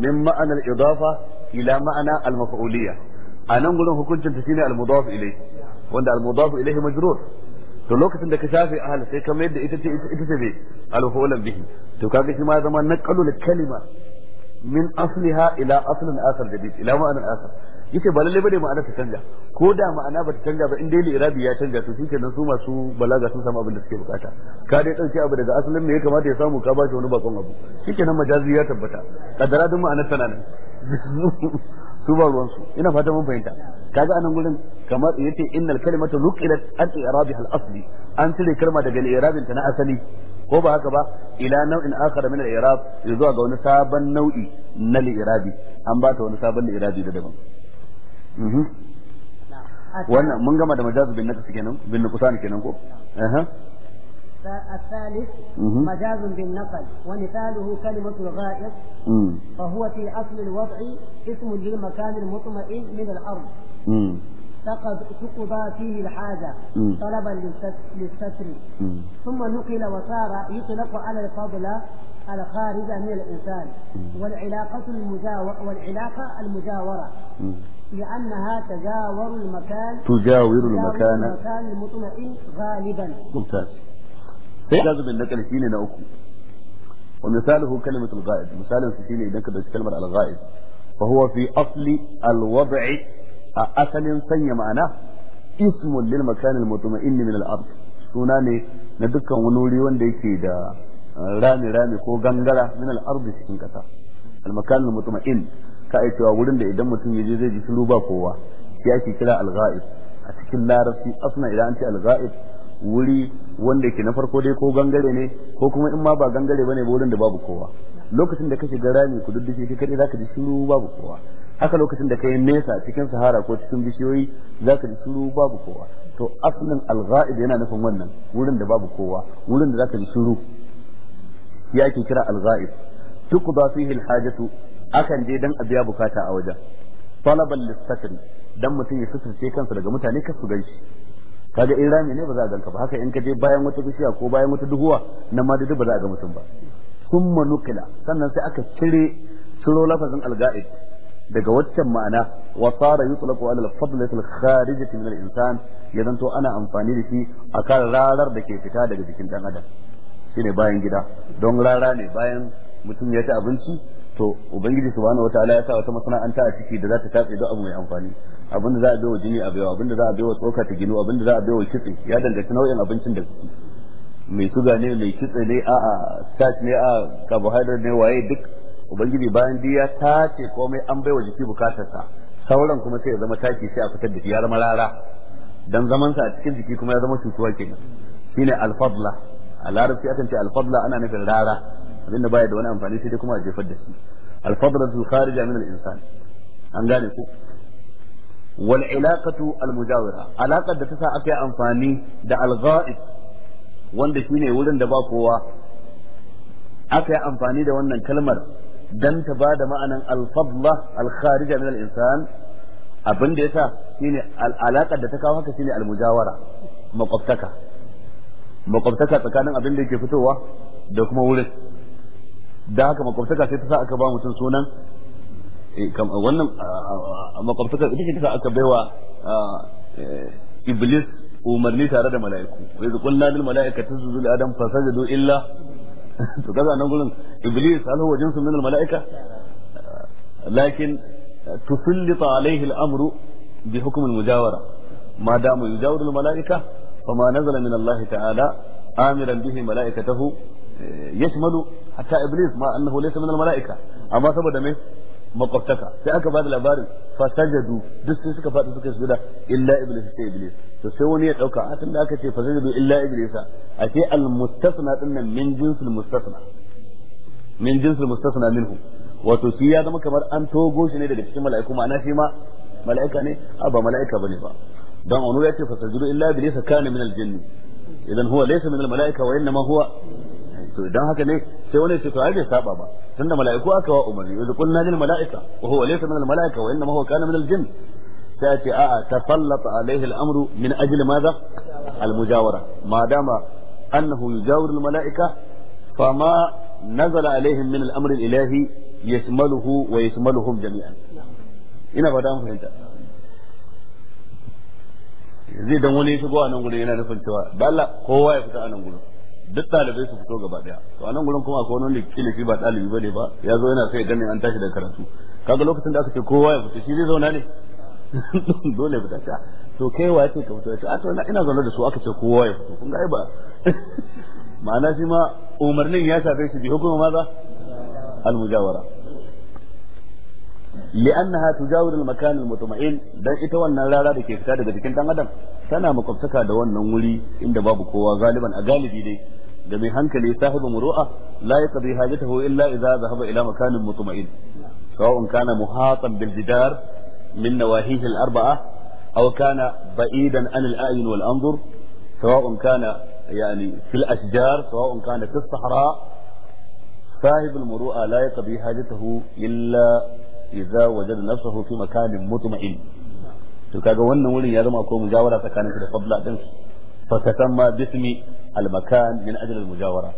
min ma'ana al-idafa ila ma'ana al-maf'uliyya anan gurin hukuncin ta shine al-mudaf ilayhi wanda al-mudaf ilayhi majrur to lokacin da ka shafe ahal sai ka mayar da ita ce ita ce al-fulan bihi to kaga shi ma zama naqalu kalima min asliha ila aslin asar jadid ila ma'anar asar yace ba lalle bane ma'anar ta canja ko da ma'ana ba ta canja ba in dai irabi ya canja to nan su masu balaga sun samu abin da suke bukata ka dai dauke abu daga asalin ne ya kamata ya samu ka bashi wani bakon abu shikenan majazi ya tabbata kadara duk ma'anar tana nan su ba ruwan su ina fata mun fahimta kaga anan gurin kamar yace innal kalimatu nuqilat an irabi al asli an cire kalma daga irabin ta na asali ko ba haka ba ila nau'in akhar min al-i'rab zuwa ga wani sabon nau'i na al-i'rabi an ba ta wani sabon al-i'rabi da daban mhm. wannan mun gama da majazu bin nakas kenan bin nuqsan kenan ko aha الثالث مجاز بالنقل ومثاله كلمة الغائط فهو في أصل الوضع اسم للمكان المطمئن من الأرض ثقب فيه الحاجة طلبا للستر ثم نقل وصار يطلق على الفضل الخارجة من الإنسان والعلاقة المجاورة والعلاقة المجاورة لأنها تجاور المكان تجاور المكان المكان المطمئن غالبا ممتاز إيه؟ لازم من نقل na نأكل ومثاله كلمة الغائب مثال في إذا كنت تتكلم على الغائب فهو في أصل الوضع a asalin sanya ma'ana ismun lil makanil mutma'inni min al-ard suna ne na dukkan wani wuri wanda yake da uh, rami rami ko gangara min al-ard cikin kasa al-makanil mutma'in ka ai cewa wurin da idan mutum ya je zai ji shiru ba kowa ya ake kira al-ghaib a cikin larabci asna idan an ce al-ghaib wuri wanda yake na farko dai ko gangare ne ko kuma in ma ba gangare bane ba wurin da babu kowa lokacin da ka shiga rami ku duddufe shi kadai zaka ji shiru babu kowa Aka lokacin da ka yi nesa cikin sahara ko cikin bishiyoyi za ka ji shiru babu kowa to asalin alghaib yana nufin wannan wurin da babu kowa wurin da za ka ji shiru ya ke kira su yi fihi a akan je dan biya bukata a wajen talaban lissakin dan mutum ya suturce kansa daga mutane kasu su shi kaga in rami ne ba za a ganka ba haka in ka je bayan wata bishiya ko bayan wata duhuwa na ma duk ba za a ga mutum ba summa nukila sannan sai aka cire ciro lafazin alga'id daga waccan ma'ana wa sara yutlaqu ala al-fadlati al-kharijati insan ya zanto ana amfani da shi kan rarar da ke fita daga jikin dan adam ne bayan gida don rara ne bayan mutum ya ci abinci to ubangiji bani wata ya sa wata masana'anta a ciki da za ta tace duk abu mai amfani abin da za a baiwa jini a baiwa abin da za a baiwa tsoka ta ginu abin da za a baiwa kitse ya danganci nau'in abincin da mai suga ne mai kitse ne a a starch ne a carbohydrate ne waye duk ubangiji bayan duk ta ce komai an baiwa jiki bukatarsa sauran kuma sai ya zama taki sai a fitar da shi ya zama rara dan zaman sa a cikin jiki kuma ya zama cutuwa kenan shine al-fadla a larabci akan ce al ana nufin rara abinda baya da wani amfani sai dai kuma a jefar da shi al-fadlatu kharija min al-insan an gane ku. wal ilaqatu al-mujawira alaqar da ta sa aka yi amfani da al-ghaib wanda shine wurin da ba kowa aka yi amfani da wannan kalmar dan ta bada ma'anan al-fadla al-kharija min al-insan abin da yasa shine alakar da ta kawo haka shine al-mujawara makwabtaka makwabtaka tsakanin abin da yake fitowa da kuma wurin da haka makwabtaka sai ta sa aka ba mutum sunan eh, wannan makwabtaka ita ce ta sa aka baiwa eh, iblis umarni tare da mala'iku wa iz qulna lil mala'ikati isjudu li adam fasajadu illa to kaza nan gurin iblis alhu wajin sun min al lakin eh, tusallita alaihi al amru bi hukm al mujawara ma da mu yujawiru al malaika fama nazala min allah ta'ala amiran bihi malaikatahu eh, yashmalu hatta iblis ma annahu laysa min al amma saboda me makwabtaka sai aka bada labarin fasajadu duk sai suka faɗi suka sujuda illa iblis sai iblis to sai wani ya dauka a ah, tunda aka ce fasajadu illa iblisa a ce al mustasna din nan min jinsul mustasna min jinsul mustasna minhu wato shi ya zama kamar an togo shi ne daga cikin mala'iku ma'ana shi ma mala'ika ne a ba mala'ika bane ba dan onu ya ce fasajadu illa iblisa kana min al jinn idan huwa laysa min al mala'ika wa innama huwa to idan haka ne sai wani ce to ai bai saba ba tunda mala'iku aka wa umarni yanzu kunna lil mala'ika wa huwa laysa min al mala'ika wa innama huwa kana min al jinn sai ce a'a tasallata alaihi al'amru min ajli madha al-mujawara ma dama annahu yujawiru al-mala'ika fama nazala alaihim min al-amri al-ilahi yashmaluhu wa yashmaluhum jami'an ina ba da fahimta zai dan wani shigo a nan yana cewa ya fita a duk ɗalibai su fito gaba ɗaya to a nan gurin kuma akwai wani kila shi ba ɗalibi bane ba ya zo yana sai ganin an tashi da karatu kaga lokacin da aka ce kowa ya fita shi zai zauna ne dole ya fita ta to kai wa ce ka fito ya ce a to ina zaune da su aka ce kowa ya fito kun ga ba ma'ana shi ma umarnin ya shafe shi bi hukuma maza al-mujawara li'annaha tujawir al-makan mutmain dan ita wannan rara da ke fita daga jikin dan adam tana makwabtaka da wannan wuri inda babu kowa galiban a galibi dai da mai hankali sahibu muru'a la yaqdi hajatahu illa idza dhahaba ila makanin mutma'in sawa'un kana muhatan bil jidar من نواهيه الأربعة أو كان بعيدا عن الأعين والأنظر سواء كان يعني في الأشجار سواء كان في الصحراء صاحب المروءة لا يقضي حاجته إلا إذا وجد نفسه في مكان مطمئن تكاد وانا ولي يرمى كوم مجاورة فكانت لفضل أدنس فتسمى باسم المكان من أجل المجاورة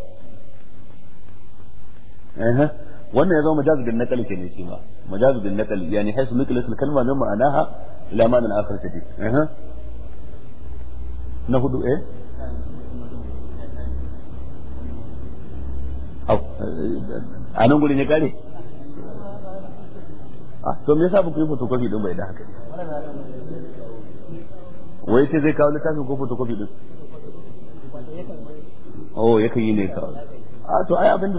أه. وانا يزوم مجاز بالنقل كنيسيما مجاز بالنقل يعني حيث نقلت الكلمة من معناها إلى معنى آخر كثير أه. نهض إيه أو أنا أقول إني قالي أه ثم يسابق يفوتوا كفي دون بإذا هكذا ويسي زي كاولة kawo littafin ko دون أوه يكي yakan yi ne kawo a to ai abin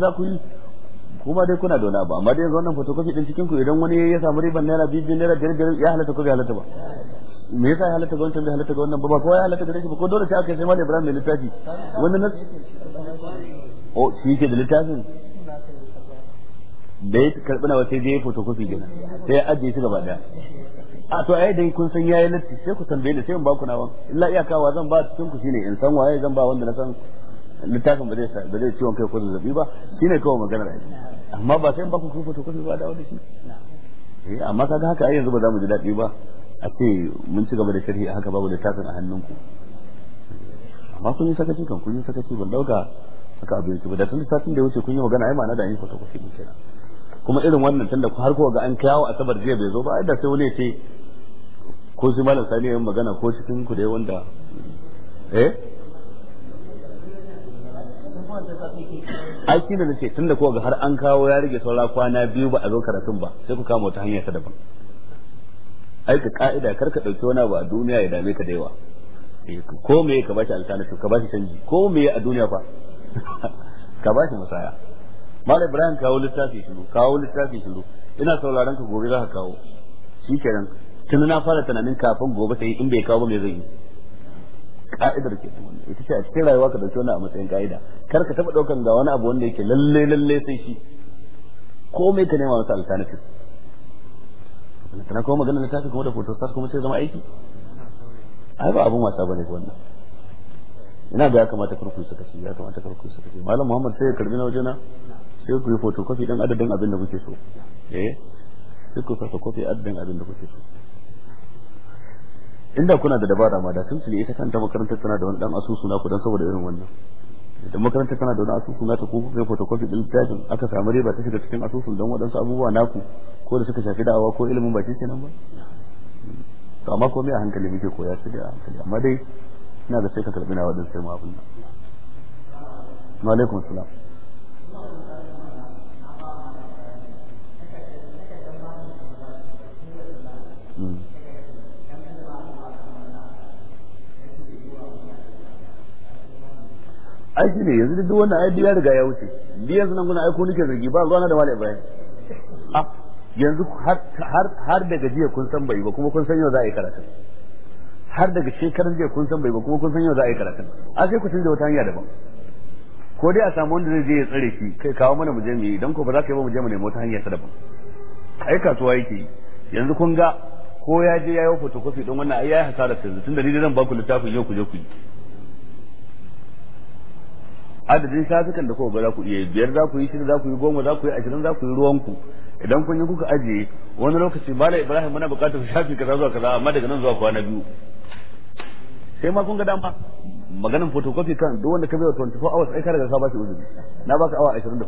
kuma dai kuna da wani abu amma dai yanzu wannan photocopy din cikin ku idan wani ya samu riban naira biyu biyu naira biyar biyar ya halatta ko bai halatta ba me yasa ya halatta ga wancan bai halatta ga wannan ba ba kowa ya halatta ga shi ba ko dole sai aka sai malam Ibrahim mai littafi wannan na o oh, shi ke da littafin da ya karɓi nawa sai je photocopy din sai ya ajiye shi gaba daya a to ai dai kun san yayi latti sai ku tambaye ni sai in ba ku nawa illa iyaka wa zan ba cikin ku shine in san waye zan ba wanda na san littafin ba zai ba zai ciwon kai ko zazzabi ba shine kawai maganar ai amma ba sai ba ku to fotokofi ba dawo da shi eh amma kaga haka ai yanzu ba za mu ji daɗi ba a ce mun ci gaba da sharhi a haka babu da tasan a hannunku amma kun yi sakaci kan kun yi sakaci ban dauka haka abin ki ba da tun satin da wuce kun yi magana ai ma'ana da an yi fotokofi din kenan kuma irin wannan tunda har ko ga an kawo asabar jiya bai zo ba ai da sai wani ya ce ko shi malam sani ya magana ko cikin ku dai wanda eh ai shi ne nace da kowa ga har an kawo ya rage saura kwana biyu ba a zo karatun ba sai ku kama wata hanya ta daban ai ka ka'ida kar ka dauki wani abu a duniya ya dame ka da yawa eh, ko me ka bashi alternative ka bashi canji ko me a duniya fa ka bashi musaya Malam Ibrahim kawo littafi shiru kawo littafi shiru ina sauraron ka gobe za ka kawo shikenan tun na fara tunanin kafin gobe sai in bai kawo ba me zai yi ka'idar ke nan wannan ita ce a cikin rayuwa ka dauki wannan a matsayin ka'ida kar ka taba daukan ga wani abu wanda yake lalle lalle sai shi komai ka nema masa alternative tana kuma magana ta kuma da sai kuma sai zama aiki ai ba abun wasa bane wannan ina ga ya kamata karku suka ci ya kamata karku suka ci malam muhammad sai ya karbi na wajena sai ku yi photocopy dan adadin abin da kuke so eh sai ku photocopy adadin abin da kuke so inda kuna da dabara ma da tuntuni ita kanta makarantar tana da wani dan asusu na ku dan saboda irin wannan da makarantar tana da wani asusu na ta ku kuka photocopy din tajin aka samu riba ta shiga cikin asusun dan waɗansu abubuwa naku ko da suka shafi da'awa ko ilimin baki kenan ba to amma komai a hankali muke koya su da hankali amma dai ina da sai ka karbi na waɗansu sai abin nan wa alaikum Mm-hmm. aiki ne yanzu duk wannan ai biya riga ya wuce ni yanzu nan guna ko nake zargi ba na da malam ibrahim ah yanzu har har har daga jiya kun san bai ba kuma kun san yau za a yi karatun har daga shekaran jiya kun san bai ba kuma kun san yau za a yi karatun a sai ku da wata hanya daban ko dai a samu wanda zai je ya tsare ki kai kawo mana mu je mu yi dan ko ba za ka yi ba mu je mu nemi wata hanya ta daban ai kasuwa yake yanzu kun ga ko ya je ya yi fotokofi don wannan ai ya yi hasara yanzu tun da ni zan ba ku littafin yau ku je ku yi adadin shafikan da kuma ba za ku iya biyar za ku yi shida za ku yi goma za ku yi ashirin za ku yi ruwanku idan kun yi kuka ajiye wani lokaci bala ibrahim muna buƙatar shafi kaza zuwa kaza amma daga nan zuwa kwana biyu sai ma kun ga dama maganin photocopy kan duk wanda ka bai 24 hours ai ka riga ka ba shi uzuri na baka awa 24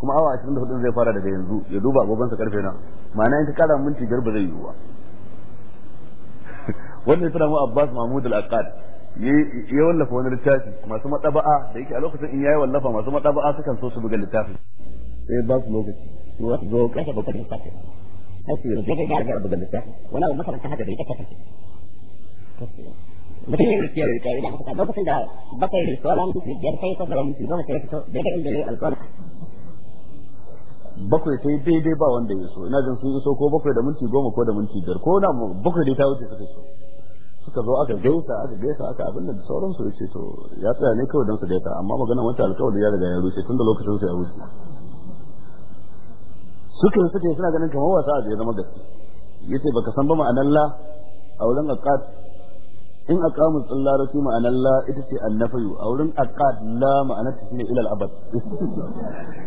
kuma awa 24 din zai fara daga yanzu ya duba abubansa sa karfe na ma'ana in ka kara minti biyar ba zai yiwu ba wannan ya mu Abbas Mahmud Al-Aqad ya wallafa wani littafi masu matsaba'a da yake a lokacin in yayi wallafa masu matsaba'a sukan so su buga littafin sai eh, ba su lokaci ruwa zo kasa ba kudin safe har su yi da ga buga littafin wani abu ta haka da ita kasance mutum yin gaskiya da ita idan aka lokacin da bakai da su alamu su biyar sai ko da wani su goma sai fito daga yi ne alƙawar bakwai sai daidai ba wanda ya so ina jin sun iso ko bakwai da minti goma ko da minti biyar ko na bakwai dai ta wuce suka so suka zo aka gaisa aka gaisa aka abin da sauransu ya ce to ya tsaya ne kawai don su gaisa amma magana wata alkawari ya riga ya rushe tun da lokacin su ya rushe suka yi suke suna ganin kamar wasa a ya zama gaske ya ce baka san ba ma'anar la a wurin akad in aqamu sallarati ma'anar la ita ce annafayu a wurin akad la ma'anar ta shine ilal abad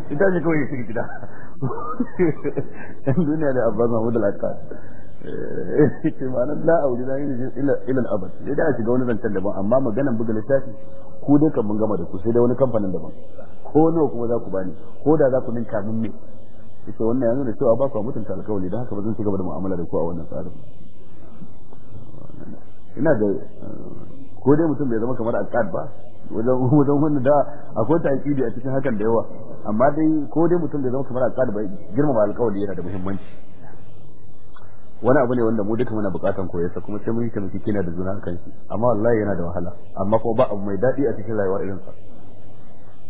ita ne kawai ya shiga gida duniya da abbas mahmud al akad ce ma nan la'a auri na yin ilal abad sai da a shiga wani zancen daban amma maganan buga littafi ko dai kan mun gama da ku sai da wani kamfanin daban ko nawa kuma za ku bani ko da za ku ninka min me ita wannan yanzu da cewa ba ku mutunta alkawari don haka ba zan ci gaba da mu'amala da ku a wannan tsarin ina da ko dai mutum bai zama kamar alƙad ba wajen wajen wannan da akwai ta'kidi a cikin hakan da yawa amma dai ko dai mutum bai zama kamar alƙad ba girmama alkawari yana da muhimmanci wani abu ne wanda mu duka muna bukatan koyarsa kuma sai mun yi kamar kina da juna kan shi amma wallahi yana da wahala amma kuma ba abu mai dadi a cikin rayuwa irin sa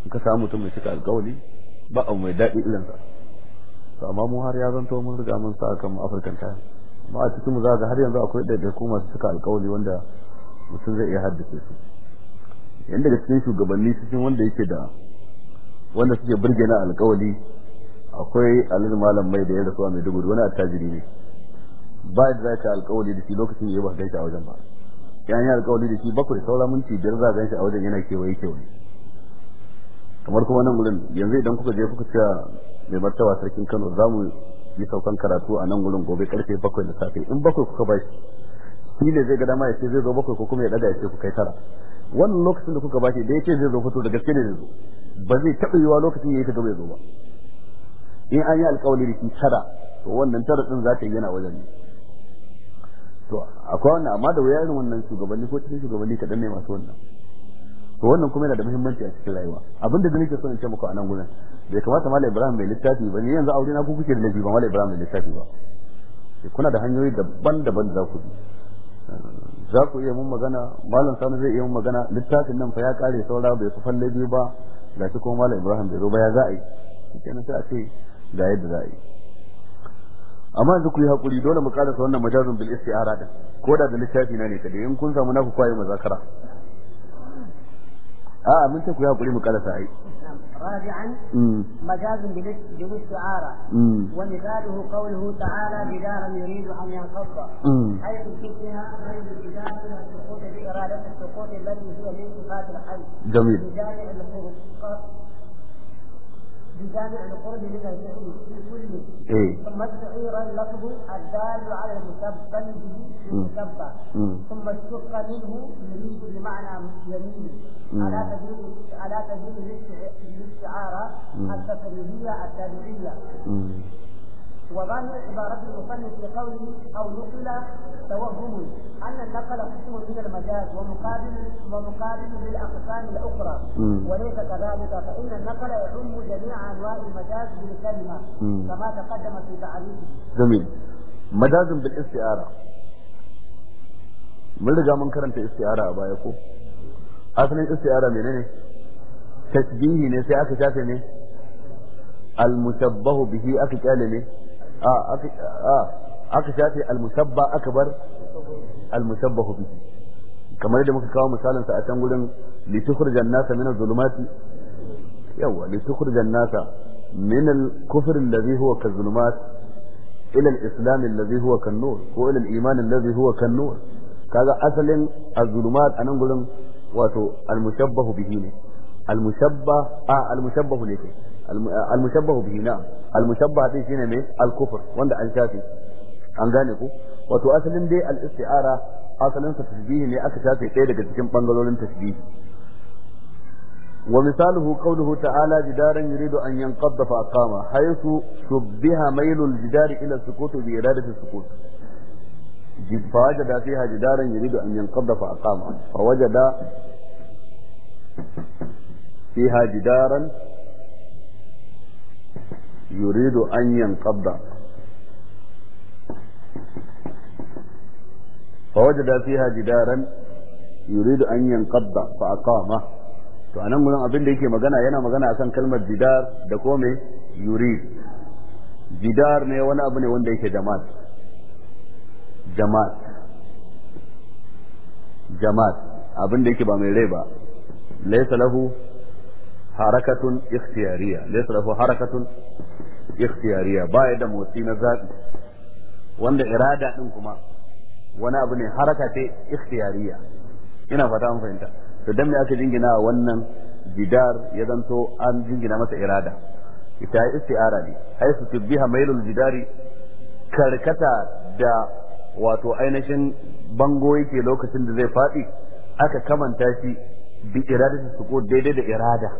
in ka samu mutum mai cika alƙawari ba abu mai dadi irin sa to amma mu har ya zanto mun riga mun sa kan Afirkan ta amma a cikin mu za ga har yanzu akwai da kuma cika alƙawari wanda mutum zai iya haddace su yan daga cikin shugabanni cikin wanda yake da wanda suke burge na alƙawari akwai alil malam mai da ya rasuwa mai dubu wani attajiri ne ba da za ta alƙawari da shi lokacin yayi ba gaita a wajen ba yayin yi alƙawari da shi bakwai saura minti biyar za ganshi a wajen yana kewaye kewaye kamar kuma nan gurin yanzu idan kuka je kuka cewa mai martaba sarkin Kano za mu yi saukan karatu a nan gurin gobe karfe bakwai da safe in bakwai kuka ba shi shi ne zai ga dama ya ce zai zo bakwai ko kuma ya daga ya ce ku kai tara wannan lokacin da kuka bashi da ya ce zai zo fito da gaske ne zai zo ba zai taɓa yiwa lokacin ya yi ka zo ya zo ba in an yi alƙawari da shi tara to wannan tara ɗin za ta yi yana wajen ne to akwai wannan amma da wuya irin wannan shugabanni ko cikin shugabanni kaɗan ne masu wannan to wannan kuma yana da muhimmanci a cikin rayuwa abin da nake son in ce muku a nan gurin bai kamata malam ibrahim mai littafi ba ni yanzu aure na ku kuke da laifi ba malam ibrahim mai littafi ba eh, kuna da hanyoyi daban-daban za ku bi eh, za ku iya mun magana malam sanu zai iya mun magana littafin nan fa ya kare saura bai su falle biyu ba shi kuma malam ibrahim bai zo ba ya za a yi kenan sai a ce ga yadda za a yi amma yanzu ku yi hakuri dole mu karasa wannan majazin bil isti'ara din ko da da littafi na ne ta in kun samu na naku kwaye mazakara a mun ce ku yi hakuri mu karasa ai rabi'an mm. majazin bil isti'ara mm. wa mithaluhu qawluhu ta'ala bi daran yuridu an yanqata ay bi kitaha ay bi kitaha suqut bi iradati suqut allati huwa min sifat al-hayy jamil بجامع القرب من الفعل في كل إيه. ثم الشعير اللفظ الدال على المسبب به في المسبب ثم اشتق منه يريد بمعنى يمين على سبيل على سبيل الاستعاره التقريبيه التابعيه وظاهر عبارة المصنف في قوله أو نقل توهم أن النقل قسم من المجاز ومقابل ومقابل للأقسام الأخرى وليس كذلك فإن النقل يعم جميع أنواع المجاز بالكلمة كما تقدم في تعريفه. جميل. مجاز بالاستعارة. mun riga mun karanta istiara a baya ko asalin istiara menene tasbihi ne sai aka shafe ne al mushabbahu bihi aka kyale ne a aka shafe almusabba aka bar almusabbahu bihi kamar da muka kawo misalin sa a can gurin li tukhrijan nasa min az-zulumati yawa li tukhrijan nasa min al-kufr alladhi huwa kaz-zulumat ila al-islam alladhi huwa kan-nur ko ila al-iman alladhi huwa kan-nur kaga asalin az-zulumat anan gurin wato al-mushabbahu bihi ne al-mushabba a al-mushabbahu ne al-mushabbahu bihi na'am al-mushabbah shi shine me al wanda an shafe an gane ku wato asalin dai al ara asalin sa ne aka shafe ɗaya daga cikin bangalolin tasbihi ومثاله قوله تعالى جدارا يريد أن ينقض فأقام حيث شبه ميل الجدار إلى السكوت بإرادة السكوت فوجد فيها جدارا يريد أن ينقض فأقام فوجد فيها جدارا يريد أن yanqadda فوجد فيها جدارا يريد أن ينقض فأقامه to anan gurin abin da yake magana yana magana akan kalmar didar da kome yurid didar ne wani abu ne wanda yake jama'at jama'at jama'at abin da yake ba mai rai ba laysa lahu harakatun ikhtiyariya laysa lahu harakatun ikhtiyariya baya da motsi na zaɓi wanda irada din kuma wani abu ne haraka ce ikhtiyariya ina fata an fahimta to dan me aka jingina wannan jidar ya zanto an jingina masa irada ita isti'ara ne haisu tibbiha mailul jidari karkata da wato ainihin bango yake lokacin da zai faɗi aka kamanta shi bi su ko daidai da irada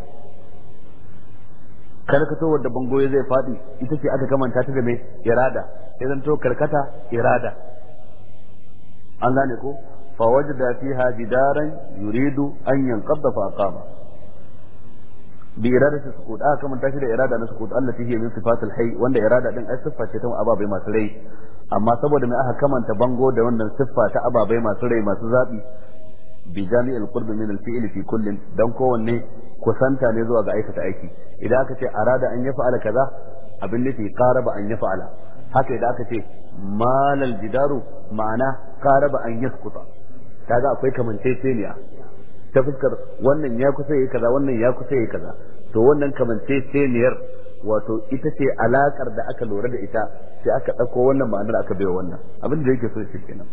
karkato wadda bango zai faɗi ita ce aka kamanta ta game irada ya to karkata irada an gane ko fa wajada fiha daren yuridu an yanqadda fa aqama bi iradati sukut aka kamanta shi da irada na sukut allati hiya min sifatil hayy wanda irada din ai siffa ce ta ababai masu rai amma saboda mai aka kamanta bango da wannan siffa ta ababai masu rai masu zabi bi jami'il qurbi min al-fi'li fi kullin dan kowanne kusanta ne zuwa ga aikata aiki idan aka ce arada an ya ala kaza abin nufi qaraba an ya ala haka idan aka ce malal jidaru ma'ana qaraba an yaskuta kaga akwai kamanceceniya ta fuskar wannan ya kusa yi kaza wannan ya kusa yi kaza to wannan kamanceceniyar wato ita ce alakar da aka lura da ita sai aka ɗauko wannan ma'anar aka baiwa wannan abin da yake so shi kenan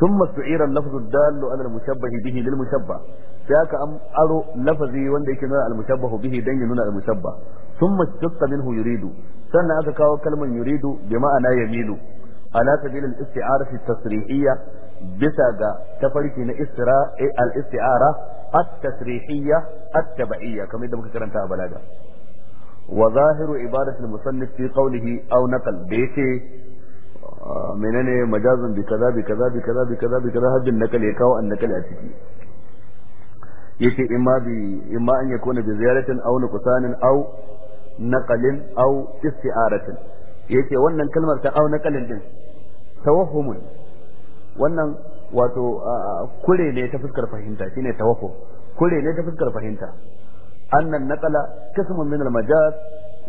ثم استعير اللفظ الدال على المشبه به للمشبه sai aka an aro lafazi wanda yake nuna al-mushabbahu bihi dan ya nuna al-mushabba thumma istaqta minhu yuridu sannan aka kawo kalman yuridu bi ma'ana yamilu ala sabil al-isti'ara fi tasrihiyya bisa ga tafarki na isra eh, al-isti'ara at-tasrihiyya at-tabi'iyya kamar yadda muka karanta a balaga wa zahiru ibadatu musannif fi qawlihi aw naqal da yace ah, menene majazun bi kaza bi kaza bi kaza bi kaza bi kaza ya kawo an a ciki yace in ma bi in ma an yakuna bi ziyaratin aw nuqsanin aw naqalin aw isti'aratin yace wannan kalmar ta aw naqalin din tawahhumun wannan wato kure ne ta fuskar fahimta shine tawahhum kure ne ta fuskar fahimta annan naqala kasmun min al-majaz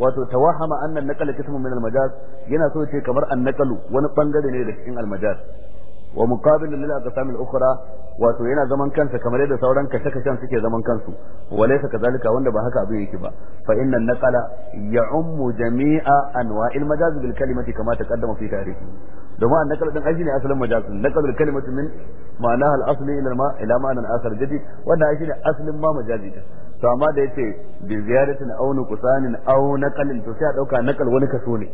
wato tawahama annan naqala kasmun min al-majaz yana so ce kamar an naqalu wani bangare ne da cikin al-majaz wa muqabil lil aqsam al ukhra wato yana zaman kansa kamar yadda sauran kashe-kashen suke zaman kansu walaysa kazalika wanda ba haka abin yake ba fa inna an-naqala ya'ummu jami'a anwa'il majaz bil kalimati kama taqaddama fi tarihi domin an-naqal din aji ne asalin majaz naqal bil kalimati min ma'anaha al-asli ila ma ila ma'ana al-akhar jadid wanda aji ne asalin ma majazi din to amma da yace bi ziyaratin aw nuqsanin aw naqalin to sai a dauka naqal wani kaso ne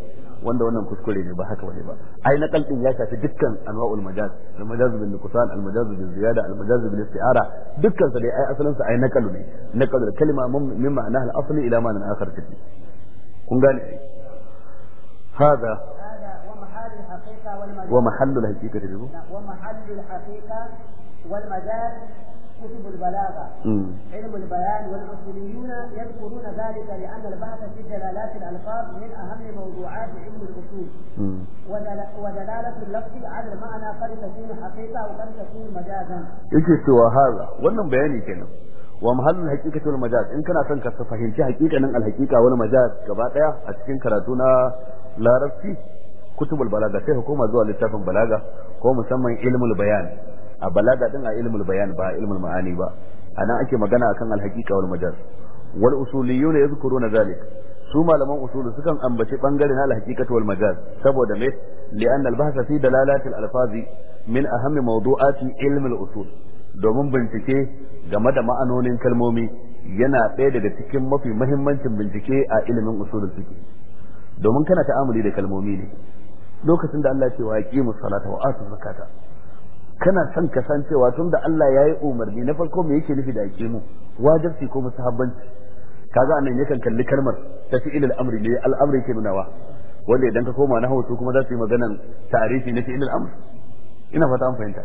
wanda wannan kuskure ne ba haka wani ba ai naqal din ya shafi dukkan anwa'ul majaz al majaz bil nuqsan al majaz bil ziyada al majaz bil isti'ara dukkan sa dai ai asalin sa ai naqal ne naqal kalima min ma'ana al asli ila ma'ana akhar kadi kun gane hada ومحل الحقيقة ومحل wal والمجاز كتب البلاغة علم البيان والأصوليون يذكرون ذلك لأن البحث في دلالات الألفاظ من أهم موضوعات علم الأصول ودلالة اللفظ على المعنى قد تكون حقيقة وقد تكون مجازا يجي هذا wannan bayani kenan wa mahallin haqiqatul majaz in kana son ka fahimci haqiqanin alhaqiqa wani majaz gaba daya a cikin karatu na larabci kutubul balaga sai hukuma zuwa littafin balaga ko musamman ilmul bayani. a balaga din a ilmul bayan ba ilmul ma'ani ba anan ake magana akan alhaqiqa wal majaz wal usuliyun yadhkuruna zalik su malaman usulu sukan ambaci bangare na alhaqiqatu wal majaz saboda me li'an al-bahth fi dalalati al-alfazi min ahammi mawdu'ati ilm al-usul domin bincike game da ma'anonin kalmomi yana ɗaya daga cikin mafi mahimmancin bincike a ilimin usulul fiqh domin kana ta'amuli da kalmomi ne lokacin da Allah ya ce wa aqimus salata wa atu zakata kana son ka san cewa tun da Allah ya yi umarni na farko me yake nufi da ake mu wajibci ko musahabbanci kaga anan yakan kalli kalmar ta fi ilal amri ne al'amri ke nunawa wanda idan ka koma na su kuma za su yi maganan tarihi na fi ilal amri ina fata an fahimta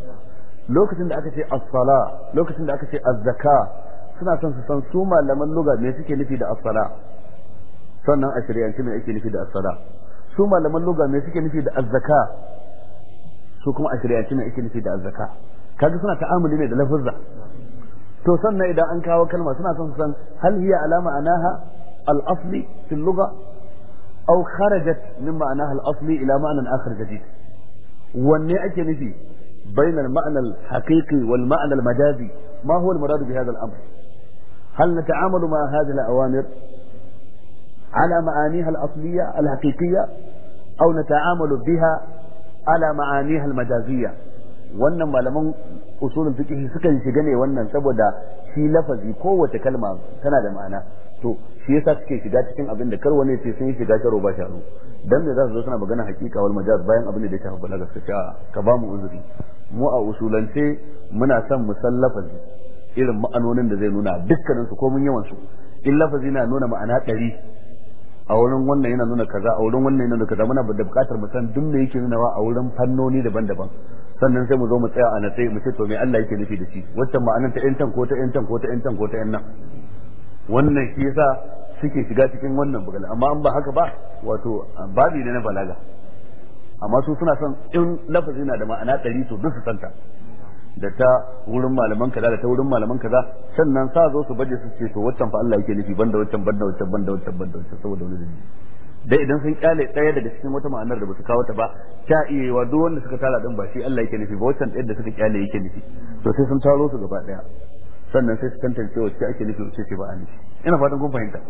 lokacin da aka ce as-sala lokacin da aka ce az-zaka suna son su san su malaman lugha me suke nufi da as-sala sannan a shari'ance me ake nufi da as-sala su malaman lugha me suke nufi da az-zaka su kuma a shari'ance mai ake nufi da azzaka kaga suna ta'amuli ne da lafuzza to sannan idan an kawo kalma suna son su san hal hiya alama anaha al-asli fil lugha aw kharajat min ma'anaha al-asli ila ma'nan akhar jadid wanne ake nufi al-ma'na al-haqiqi wal بين المعنى الحقيقي والمعنى المجازي ما هو المراد بهذا الأمر هل نتعامل مع هذه الأوامر على معانيها الأصلية الحقيقية أو نتعامل بها ala ma'aniha al-majaziyya wannan malaman usulul fiqh sukan shiga ne wannan saboda shi lafazi kowace kalma tana da ma'ana to shi yasa suke shiga cikin abin da kar wani ce sun yi shiga sharo ba sharo dan me za su zo suna magana hakika wal majaz bayan abin da ya shafi balaga su sha ka ba mu uzuri mu a usulance muna son mu san lafazi irin ma'anonin da zai nuna dukkanin su ko mun yawan su in lafazi na nuna ma'ana ɗari a wurin wannan yana nuna kaza a wurin wannan yana nuna kaza muna da bukatar mu san duk me yake nunawa a wurin fannoni daban-daban sannan sai mu zo mu tsaya a natsayi mu ce to me Allah yake nufi da shi wacce ma'anar ta yantan ko ta yantan ko ta yantan ko ta yannan wannan shi yasa suke shiga cikin wannan bugal amma an ba haka ba wato babi ne na balaga amma su suna son in lafazi na da ma'ana ɗari to duk su santa da ta wurin malaman kaza da ta wurin malaman kaza sannan sa zo su baje su ce to waccan fa Allah yake nufi banda waccan banda waccan banda waccan banda waccan saboda wani dalili dai idan sun kyale ɗaya daga cikin wata ma'anar da basu kawo ta ba ta iya yiwa duk wanda suka tara din ba shi Allah yake nufi ba waccan ɗaya da suka kyale yake nufi to sai sun taro su gaba ɗaya sannan sai su tantance wacce ake nufi wacce ce ba a nufi ina fatan kun fahimta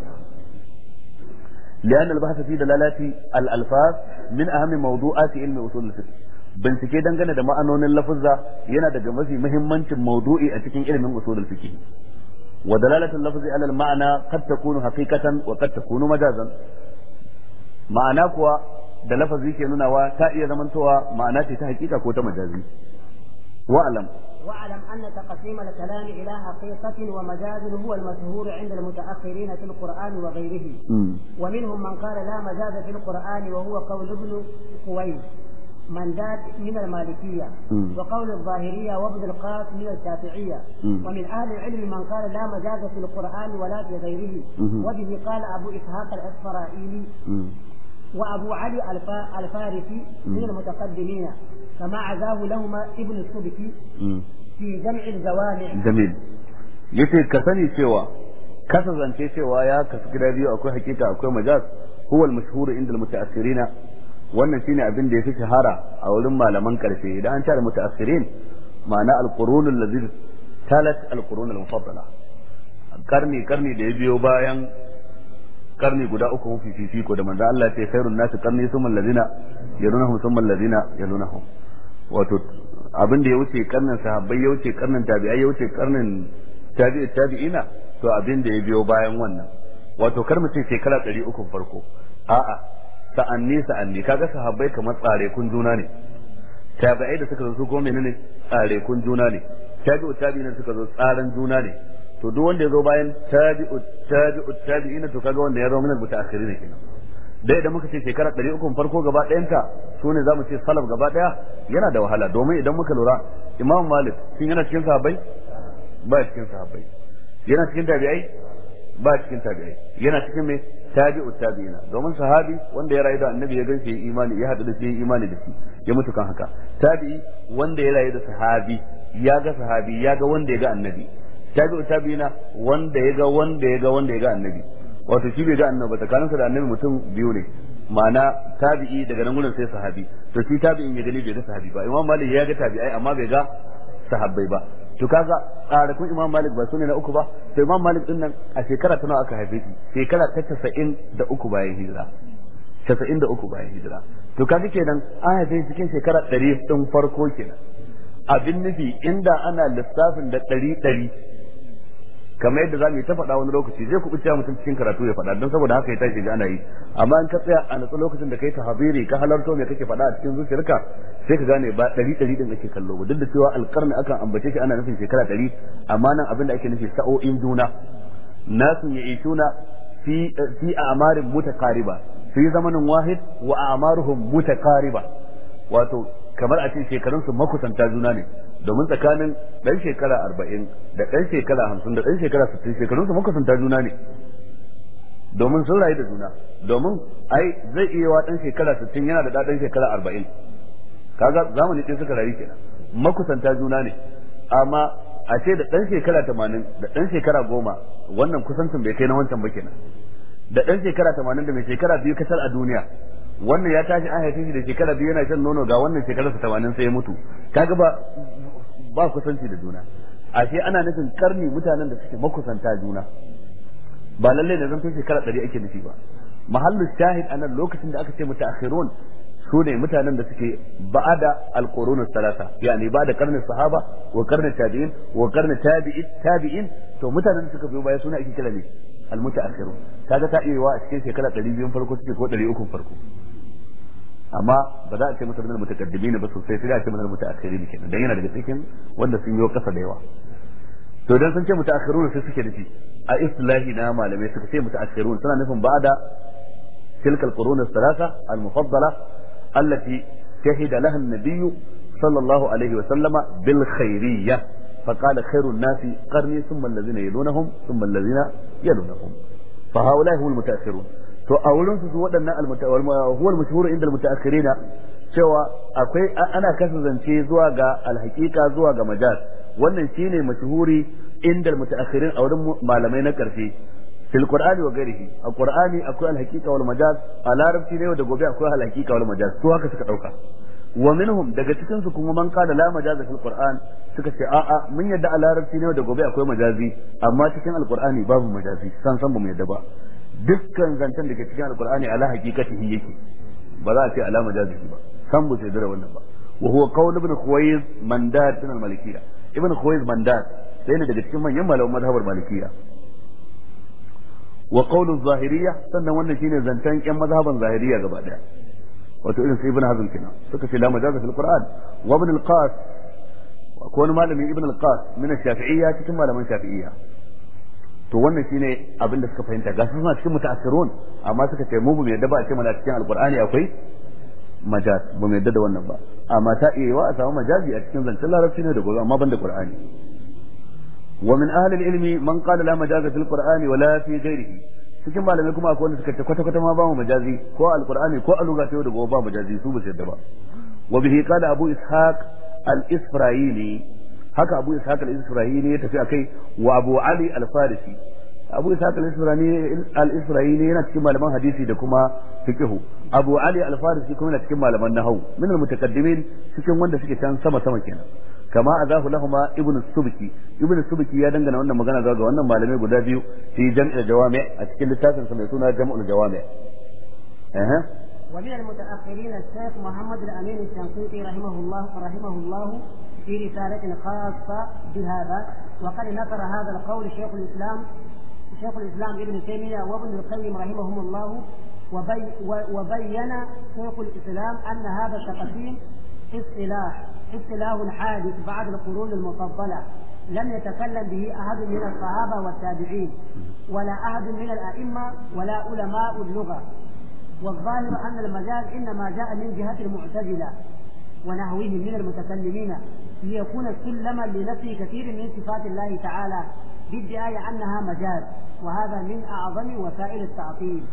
لأن البحث في دلالات الألفاظ من أهم موضوعات علم أصول الفقه bincike dangane da ma'anonin lafuzza yana daga mafi muhimmancin maudu'i a cikin ilimin usulul fiqh wa dalalatul lafzi ala al ma'ana qad takunu haqiqatan wa qad takunu majazan ma'ana kuwa da lafazi ke nunawa ta iya zamantowa ma'ana ce ta hakika ko ta majazi wa'lam واعلم أن تقسيم الكلام إلى حقيقة ومجاز هو المشهور عند المتأخرين في القرآن وغيره م. ومنهم من قال لا مجاز في wa وهو قول ابن خويس منداد من المالكية وقول الظاهرية وابن القاس من الشافعية ومن أهل العلم من قال لا مجاز في القرآن ولا في غيره وبه قال أبو إسحاق الإسرائيلي وأبو علي الفارسي من المتقدمين كما عزاه لهما ابن السبكي في جمع الجوامع جميل yace ka sani cewa ka zance cewa ya kasu gida biyu akwai hakika akwai majaz huwa al-mashhur inda al-mutaakhirina wannan shine abin da ya fi shahara a wurin malaman karfe idan an tare mutaakhirin ma'ana al-qurun allazi talat al-qurun al-mufaddala karni karni da ya biyo bayan karni guda uku mafi fifiko da manzo Allah ya ce khairun nasi karni summa allazina yalunahum summa allazina yalunahum wato abin da ya wuce karnin sahabbai ya wuce karnin tabi'ai ya wuce karnin tabi'i tabi'ina to abin da ya biyo bayan wannan wato kar mu ce shekara 300 farko a'a sa'anni sa'anni kaga sahabbai kamar tsare kun juna ne tabi'ai da suka zo su gome ne tsare kun juna ne utabi ne suka zo tsaran juna ne to duk wanda ya zo bayan utabi utabi ina to kaga wanda ya zo mana mutaakhirin ne kenan dai idan muka ce shekara ɗari uku farko gaba ta su ne za mu ce salaf gaba ɗaya yana da wahala domin idan muka lura imam malik shin yana cikin sahabbai ba cikin sahabbai yana cikin tabi'ai ba cikin tabi'ai yana cikin me tabi'u tabi'ina domin sahabi wanda ya rayu da annabi ya ganshi imani ya hadu da shi imani da shi ya mutu kan haka tabi'i wanda ya rayu da sahabi ya ga sahabi ya ga wanda ya ga annabi tabi'u tabi'ina wanda ya ga wanda ya ga wanda ya ga annabi wato shi bai ga annabi sa da annabi mutum biyu ne ma'ana tabi'i daga nan gurin sai sahabi to shi tabi'in ya gani bai ga sahabi ba imam malik ya ga tabi'ai amma bai ga sahabbai ba to kaga tsarakun imam malik ba sune na uku ba to imam malik din nan a shekara ta nawa aka haife shi shekara ta casa'in da uku bayan hijira casa'in da uku bayan hijira to kaga kenan an haife shi cikin shekara ɗari ɗin farko kenan abin nufi inda ana lissafin da ɗari ɗari kamar yadda zamu yi ta faɗa wani lokaci zai kuɓi cewa mutum cikin karatu ya faɗa don saboda haka ya tashi ji ana yi amma in ka tsaya a natsa lokacin da kai habiri ka halarto me kake faɗa a cikin zuciyarka sai ka gane ba ɗari ɗari ɗin ake kallo ba duk da cewa alƙarni akan ambace shi ana nufin shekara ɗari amma nan abin da ake nufi sa'o'in juna nasu ya'ishuna fi fi a'marin mutaqariba fi zamanin wahid wa a'maruhum mutaqariba wato kamar a ce su makusanta juna ne domin tsakanin ɗan shekara arba'in da ɗan shekara hamsin da ɗan shekara sittin shekarun su makusanta juna ne domin sun rayu da juna domin ai zai iya wa ɗan shekara sittin yana da ɗan shekara arba'in kaga zamani ɗin suka rayu kenan makusanta juna ne amma a ce da ɗan shekara tamanin da ɗan shekara goma wannan kusancin bai kai na wancan ba kenan da ɗan shekara tamanin da mai shekara biyu kasar a duniya wannan ya tashi an haife shi da shekara biyu yana shan nono ga wannan shekararsa tamanin sai ya mutu kaga ba ba kusanci da juna ashe ana nufin karni mutanen da suke makusanta juna ba lallai da zanto shekara ɗari ake nufi ba mahallu shahid a nan lokacin da aka ce mutaakhirun su ne mutanen da suke ba'ada alqurunus salasa yani ba'da karnin sahaba wa karnin tabi'in wa karnin tabi'in tabi'in to mutanen da suka biyo baya suna ake kira ne almutaakhirun kaga ta iya a cikin shekara 200 farko take ko 300 farko amma ba za a ce masa minal mutaqaddimin ba sosai sai a ce minal mutaakhirin kenan dan yana daga cikin wanda sun yi kasa da yawa to dan sun ce mutaakhirun sai suke nufi a islahi na malamai suka ce mutaakhirun suna nufin ba'da tilka alqurun as-salasa al-mufaddala allati shahida laha an-nabiy sallallahu alaihi wa sallama bil khairiyyah فقال خير الناس قرني ثم الذين يلونهم ثم الذين يلونهم فهؤلاء هم المتأخرون to a wurin su waɗannan huwa mashhur inda almutaakhirina cewa akwai ana kasa zance zuwa ga alhaqiqa zuwa ga majaz wannan shine mashhuri inda almutaakhirin a wurin malamai na karfi fil qur'ani wa ghairihi a qur'ani akwai alhaqiqa wal majaz a larabci ne da gobe akwai alhaqiqa wal majaz to haka suka dauka wa minhum daga cikin su kuma man kada la majaza fil qur'an suka ce a a mun yadda a larabci ne da gobe akwai majazi amma cikin alqur'ani babu majazi san san bamu yadda ba dukkan zancen da ke cikin alqur'ani ala haqiqatihi yake ba za a ce ala majazi ba san bu sai da wannan ba wa huwa qawl ibn khuwayz mandat min al ibn khuwayz mandat sai ne daga cikin manyan malaman mazhabar malikiyya wa qawl az-zahiriyya sannan wannan shine zancen yan mazhaban zahiriyya gaba daya wato irin su ibn hazm kenan suka ce la majaza fil qur'an wa ibn al-qas ko wani malami ibn al-qas min shafiiyya cikin malaman shafi'iyya to wannan shine abin da suka fahimta ga suna cikin mutaassirun amma suka ce mu bu mai daba a ce mana cikin alqur'ani akwai majaz ba mu yadda da wannan ba amma ta iya wa a samu majazi a cikin zancen larabci ne da gobe amma ban da qur'ani wa min ahli al-ilmi man qala la majaza fil qur'ani wala fi ghairihi cikin malamai kuma akwai wanda suka ce kwata kwata ma ba mu majazi ko alqur'ani ko aluga ta yau da gobe ba majazi su ba su yadda ba wa bihi qala abu ishaq al-isra'ili haka abu ishaq al-isra'ili ya tafi akai wa abu ali al-farisi abu ishaq al-isra'ili yana cikin malaman hadisi da kuma fiqhu abu ali al-farisi kuma yana cikin malaman nahwu min al-mutaqaddimin cikin wanda suke can sama sama kenan كما أذاه لهما ابن السبكي ابن السبكي يا dangana وانا مغانا ذاك وانا wannan malamai guda biyu fi jam'il jawami a cikin littafin sa ومن المتأخرين الشيخ محمد الأمين الشنقيطي رحمه الله رحمه الله في رسالة خاصة بهذا وقد نكر هذا القول شيخ الإسلام شيخ الإسلام ابن تيمية وابن القيم رحمهم الله وبي وبين شيخ الإسلام أن هذا التقسيم اصطلاح له الحادث بعد القرون المفضلة لم يتكلم به أحد من الصحابة والتابعين ولا أحد من الأئمة ولا علماء اللغة والظاهر أن المجال إنما جاء من جهة المعتزلة ونحوه من المتكلمين ليكون سلما لنفي كثير من صفات الله تعالى بادعاء أنها مجاز وهذا من أعظم وسائل التعطيل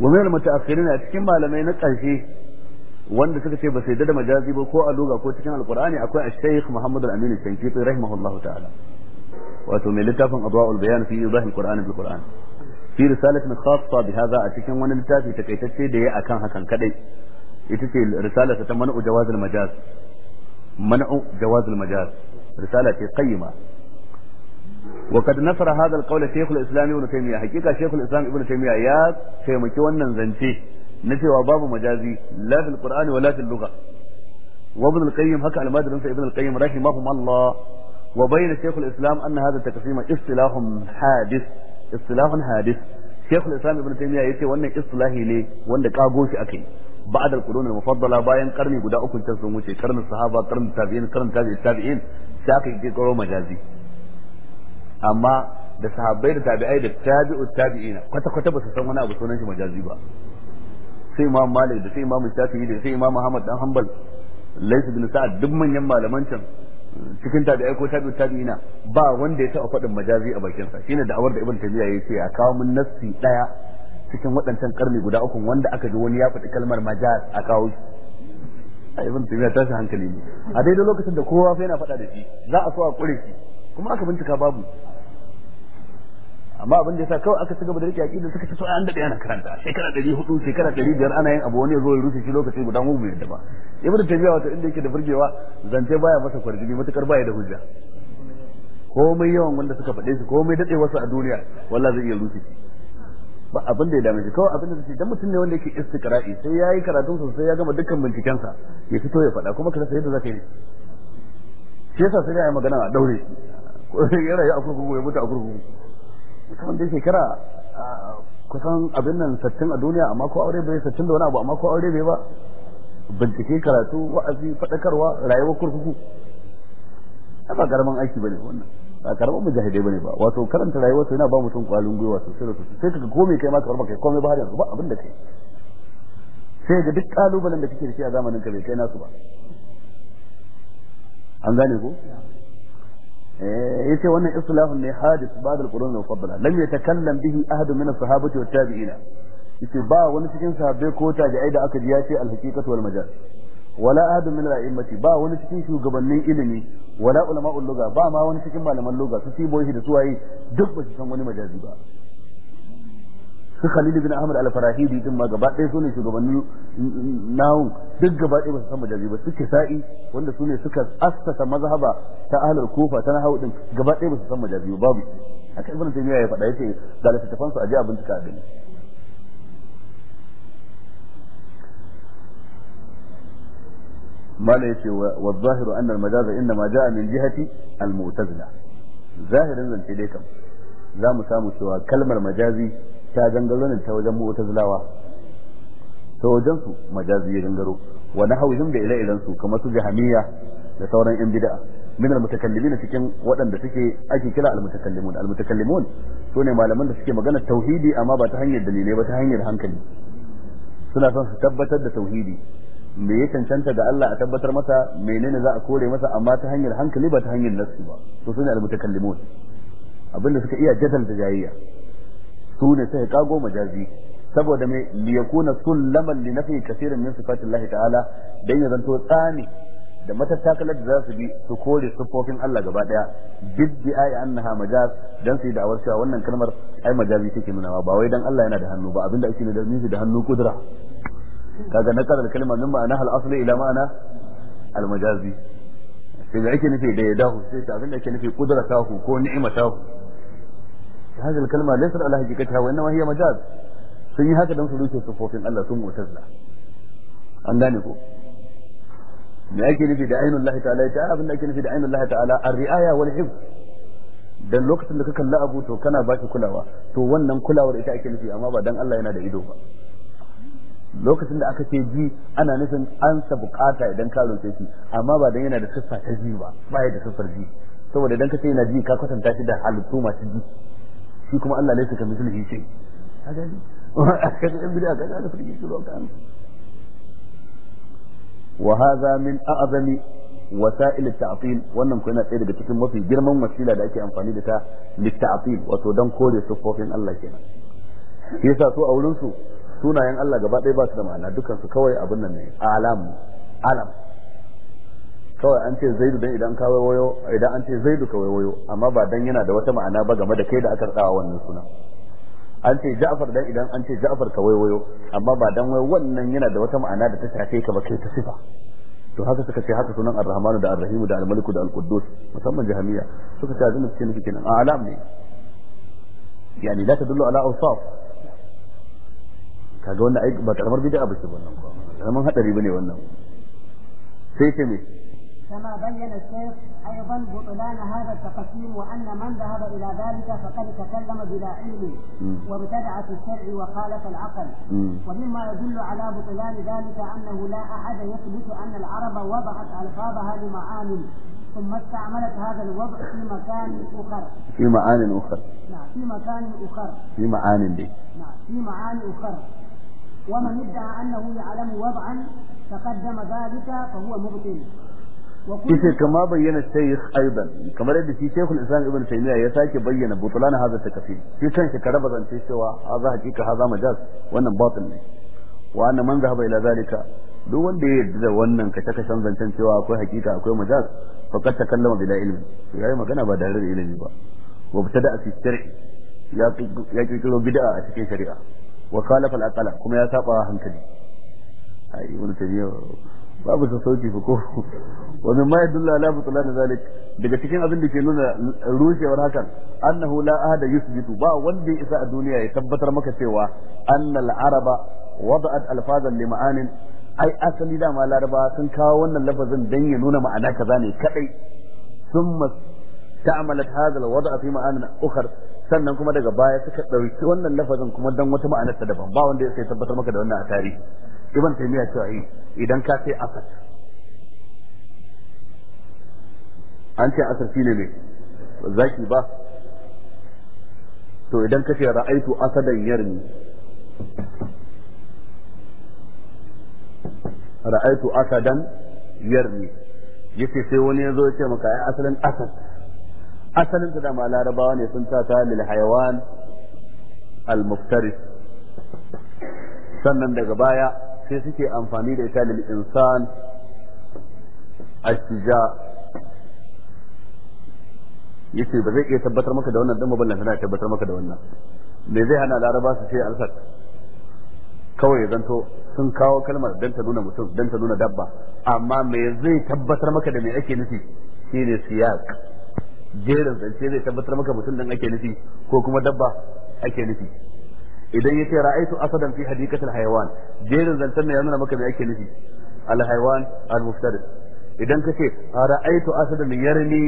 ومن المتأخرين أتكلم على ما ينقل فيه wanda suka ce ba sai da majazi ba ko a loga ko cikin alqur'ani akwai ash-shaykh Muhammad al-Amin al tanqiti rahimahullahu ta'ala wato mai littafin adwa'ul bayan fi ibrahim qur'an bil qur'an fi risalatin khassa bi hadha a cikin wani littafi takaitacce da ya akan hakan kadai ita ce risalata ta man'u jawaz al majaz man'u jawaz al majaz risala ce qayyima وقد نصر هذا القول شيخ الاسلام ابن تيميه حقيقه شيخ الاسلام ابن تيميه ya taimaki wannan zance na cewa babu majazi la fil qur'ani wa la fil lugha wa ibn al-qayyim haka al-madrin sa ibn al-qayyim rahimahumullah wa bayna shaykh al-islam anna hadha at-taqsim istilahun hadis. istilahun hadith shaykh al-islam ibn taymiyyah yace wannan istilahi ne wanda kago shi akai بعد bayan karni guda قرني قد أكل تسلم وشي قرن الصحابة قرن التابعين قرن تابع التابعين شاكي دي قرون majazi. amma da sahabbai da tabi'ai da tabi'u tabi'ina kwata kwata ba su san wani abu sunan shi majazi ba sai imam malik da sai imam shafi'i da sai imam ahmad dan hanbal laysa bin sa'ad duk manyan malaman can cikin ai ko tabi'u tabi'ina ba wanda ya taba fadin majazi a bakin sa shine da'awar da ibn tabi'a yace a kawo min nassi daya cikin waɗancan karni guda uku wanda aka ji wani ya faɗi kalmar majaz a kawo shi a ibn tabiya tashi hankali ne a daidai lokacin da kowa yana faɗa da shi za a so a kure shi kuma aka bincika babu amma abin da yasa kawai aka ci gaba da rike aqida suka ce so an daɗe ana karanta shekara hudu shekara biyar ana yin abu wani ya zo ya rufe shi lokaci guda mu bai yadda ba ibnu tafiya wata inda yake da burgewa zance baya masa kwarjini matukar baya da hujja komai yawan wanda suka faɗe shi komai daɗe wasu a duniya wallahi zai iya rufe shi ba abin da ya dame shi kawai abin da zai dan mutum ne wanda yake istiqra'i sai yayi karatun sosai sai ya gama dukkan bincikensa ya fito ya faɗa kuma ka rasa yadda zaka yi shi yasa sai ya yi magana a daure shi ko ya rayu a kurkuku ya mutu a kurkuku wanda ya shekara kusan abin nan sattin a duniya amma ko aure bai sattin da wani abu amma ko aure bai ba bincike karatu wa'azi faɗakarwa rayuwar kurkuku ba karamin aiki bane wannan ba karamin mujahidai bane ba wato karanta rayuwar su yana ba mutum kwalin gwiwa sosai da sosai sai kaga komai kai ma ka kai komai ba har yanzu ba abin da kai sai ga duk kalubalen da kake da shi a zamanin ka bai kai nasu ba an gane ko Eh, yace wannan istilahun ne hadis ba'da al-qurun al-mufaddala lam yatakallam bihi ahad min as-sahabati wat tabi'ina yace ba wani cikin sahabbai ko tabi'ai da aka ji yace al-haqiqatu wal majaz wala ahad min al-a'immati ba wani cikin shugabannin ilimi wala ulama'ul lugha ba ma wani cikin malaman lugha su tiboyi da suwaye duk ba su san wani majazi ba su Khalil bin Ahmad al-Farahidi din ma gaba ɗaya su shugabannin nawun duk gaba ɗaya ba su san majazi ba suke sa'i wanda sune ne suka assasa mazhaba ta ahlul kufa ta nahawu din gaba ɗaya ba su san majazi ba babu haka ibn taymiya ya faɗa yace ga littafan su aje a bincika a gani mala yace wa zahiru anna al-majaza inna ma ja'a min jihati al-mu'tazila zahirin zance dai kam za mu samu cewa kalmar majazi ta gangaro ta wajen mu'tazilawa ta wajen su majazi ya gangaro wa nahawihim da ire-iren su kamar su jahamiyya da sauran yan bid'a min almutakallimin cikin waɗanda suke ake kira almutakallimun almutakallimun sune malaman da suke magana tauhidi amma ba ta hanyar dalilai ba ta hanyar hankali suna son su tabbatar da tauhidi me ya cancanta da Allah a tabbatar masa menene za a kore masa amma ta hanyar hankali ba ta hanyar nassi ba to sune almutakallimun abinda suka iya jadal da jayayya su sai kago majazi saboda mai liyakuna sullaman li nafi kaseerin min sifatillahi ta'ala dan ya zanto tsani da matattakalar da za su bi su kore siffofin Allah gaba daya biddi ayi annaha majaz dan su yi da'awar cewa wannan kalmar ai majazi take nunawa ba wai dan Allah yana da hannu ba abinda ake da nufi da hannu kudura kaga na karar kalma min ma'ana hal asli ila ma'ana al majazi sai da ake nufi da yadahu sai da abinda ake nufi kudratahu ko ni'matahu hadhihi al-kalma laysat ala haqiqatiha wa innama hiya majaz sun yi haka dan su rufe sufofin Allah sun mu'tazila an gane ko ake nufi da ainul lahi ta'ala ya abin da ake nufi da ainul lahi ta'ala ar-ri'aya wal hifz dan lokacin da ka kalla abu to kana ba shi kulawa to wannan kulawar ita ake nufi amma ba dan Allah yana da ido ba lokacin da aka ce ji ana nufin an sa bukata idan ka roƙe shi amma ba dan yana da siffa ta ji ba ba ya da siffar ji saboda idan ka ce yana ji ka kwatanta shi da halittu masu ji shi kuma Allah laisa ka mislihi kaga bid'a kaga da shi wa hadha min a'zami wasa'il at-ta'til wannan ko yana tsaye daga cikin mafi girman wasila da ake amfani da ta lit-ta'til wato dan kore sufofin Allah kenan yasa su a wurin su sunayen Allah gaba ɗaya ba su da ma'ana dukkan su kawai abin nan ne alam alam kawai an ce zaidu dan idan ka wayo idan an ce zaidu ka wayo amma ba dan yana da wata ma'ana ba game da kai da aka tsawa wannan suna an ce ja'far dan idan an ce ja'far ka wayo amma ba dan wai wannan yana da wata ma'ana da ta shafe ka ba kai ta sifa to haka suka ce haka sunan ar-rahman da ar-rahim da al-malik da al-quddus musamman jahamiya suka ce azumi cikin nufi kenan alam ne yani la tadullu ala awsaf kaga wannan ai ba karamar bid'a ba ce wannan ba karaman hadari bane wannan sai ce me كما بين الشيخ ايضا بطلان هذا التقسيم وان من ذهب الى ذلك فقد تكلم بلا علم وابتدع في الشرع وخالف العقل ومما يدل على بطلان ذلك انه لا احد يثبت ان العرب وضعت الفاظها لمعان ثم استعملت هذا الوضع في مكان اخر في معان اخر نعم في مكان اخر في معان دي نعم في معان اخر ومن ادعى انه يعلم وضعا تقدم ذلك فهو مبطل yace kama bayyana shaykh aidan kamar yadda shi shaykhul islam ibn taymiya ya sake bayyana butulan hadha takfir shi kanshi ka raba zance cewa hadha hakika hadha majaz wannan batil ne wa anna man zahaba ila zalika duk wanda ya yarda da wannan ka taka san zancen cewa akwai hakika akwai majaz faqad takallama bila ilmi yayi magana ba da ilimi ba wa btada fi shar'i ya kirkiro bid'a a cikin shari'a wa khalafa al-aqala kuma ya saba hankali ai ibn taymiya babu ta sauki ko wani ma yadullu ala butlan zalik daga cikin abin da ke nuna rushewar hakan annahu la ahada yusbitu ba wanda ya isa a duniya ya tabbatar maka cewa annal araba wada'at alfazan li ma'anin ai asali dama laraba sun kawo wannan lafazin dan ya nuna ma'ana kaza ne kadai summa ta'amalat hadha alwada' fi ma'anin ukhar sannan kuma daga baya suka dauki wannan lafazin kuma dan wata ma'anar ta daban ba wanda ya sai tabbatar maka da wannan a tarihi ibn taymiya cewa yi idan ka sai asar an ce asar shine ne zaki ba to idan ka ce ra'aitu asadan yarmi ra'aitu asadan yarmi yace sai wani ya zo ya ce maka ai asalin asad asalin ta dama larabawa ne sun ta ta lil hayawan al muftaris sannan daga baya sai suke amfani da ita lil insan ashija yace ba zai iya tabbatar maka da wannan dan ba lantana ya tabbatar maka da wannan me zai hana laraba su ce alsat kawai zanto sun kawo kalmar dan ta nuna mutum dan ta nuna dabba amma me zai tabbatar maka da me ake nufi shine siyak jerin zance zai tabbatar maka mutum dan ake nufi ko kuma dabba ake nufi idan yace ra'aytu asadan fi hadikatil hayawan jerin zantan ne ya nuna maka me ake nufi al hayawan al muftarid idan kace ra'aytu asadan yarni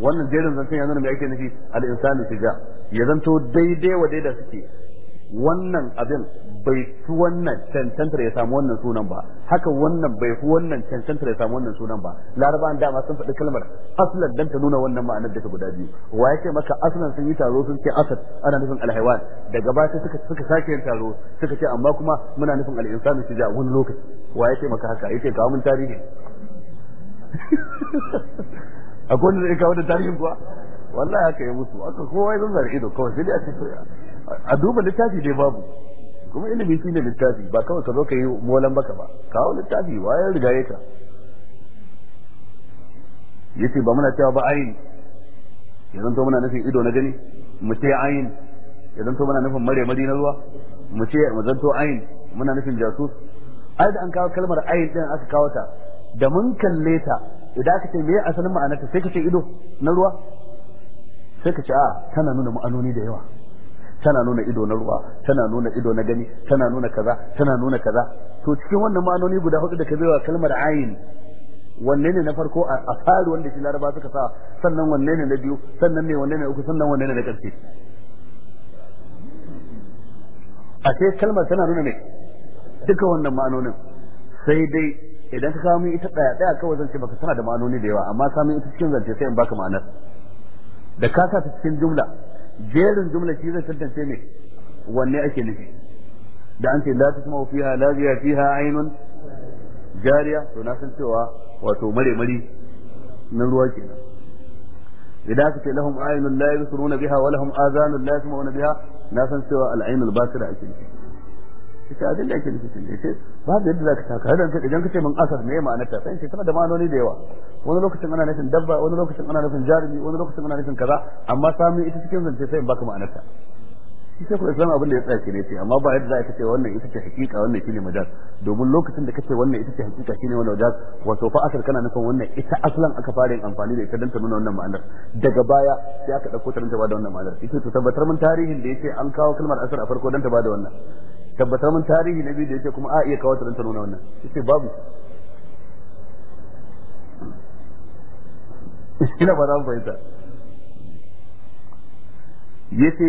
wannan jerin zantan ya nuna me ake nufi al insanu shija ya zanto daidai wa daida suke wannan abin bai fi wannan cancantar ya samu wannan sunan ba haka wannan bai fi wannan cancantar ya samu wannan sunan ba an dama sun faɗi kalmar aslan dan ta nuna wannan ma'anar duka guda biyu wa yake maka aslan sun yi taro sun ce asad ana nufin alhaiwan daga baya suka suka sake yin taro suka ce amma kuma muna nufin al-insanu shija wani lokaci wa yake maka haka yake kawo mun tarihi akwai wanda zai kawo da tarihin kuwa wallahi haka ya mutu aka kowa ya zanzar ido kawai sai dai a cikin a duba littafi dai babu kuma ilimi shine littafi ba kawai ka zo ka yi molan baka ba kawo littafi wa ya riga ya ka yace ba muna cewa ba ayin ya zanto muna nufin ido na gani mu ce ayin ya zanto muna nufin mare na ruwa mu ce mu zanto ayin muna nufin jasus ai da an kawo kalmar ayin din aka kawo ta da mun kalle ta idan aka ce me asalin ma'anarta sai ka ce ido na ruwa sai ka ce a tana nuna ma'anoni da yawa tana nuna ido na ruwa tana nuna ido na gani tana nuna kaza tana nuna kaza to cikin wannan ma'anoni guda hudu da ka baiwa kalmar ayin wanne ne na farko a fari wanda shi laraba suka sa sannan wanne ne na biyu sannan ne wanne ne uku sannan wanne ne na karshe a sai kalmar tana nuna ne duka wannan ma'anonin sai dai idan ka samu ita daya daya kawai zance baka sana da ma'anoni da yawa amma samu ita cikin zance sai in baka ma'anar da ka sa ta cikin jumla jerin jumla shi zai tantance ne wanne ake nufi da an ce la tasma'u fiha laziya fiha ainun jariya to na san cewa wato mare mari na ruwa kenan idan aka ce lahum ainun la yusruna biha wa lahum azanun la yasma'una biha na san cewa al-ainul basira ake nufi kace abin da ake nufi sun ce babu yadda zaka taka dan kace idan kace mun asar me ma'anar ta sai tana da ma'anoni da yawa wani lokacin ana nufin dabba wani lokacin ana nufin jarumi wani lokacin ana nufin kaza amma sami ita cikin zance sai in baka ma'anar ta shi sai kuma islam abin da ya tsaya ne ce amma ba yadda za ka ce wannan ita ce hakika wannan shine majaz domin lokacin da kace wannan ita ce hakika shine wannan majaz wato fa asar kana nufin wannan ita aslan aka fara yin amfani da ita dan ta nuna wannan ma'anar daga baya sai aka dauko ta dan ta bada wannan ma'anar ita to tabbatar mun tarihin da yace an kawo kalmar asar a farko dan ta bada wannan tabbatar mun tarihi na da yake kuma a iya kawo ta nuna wannan sai babu ina ba za mu fahimta yace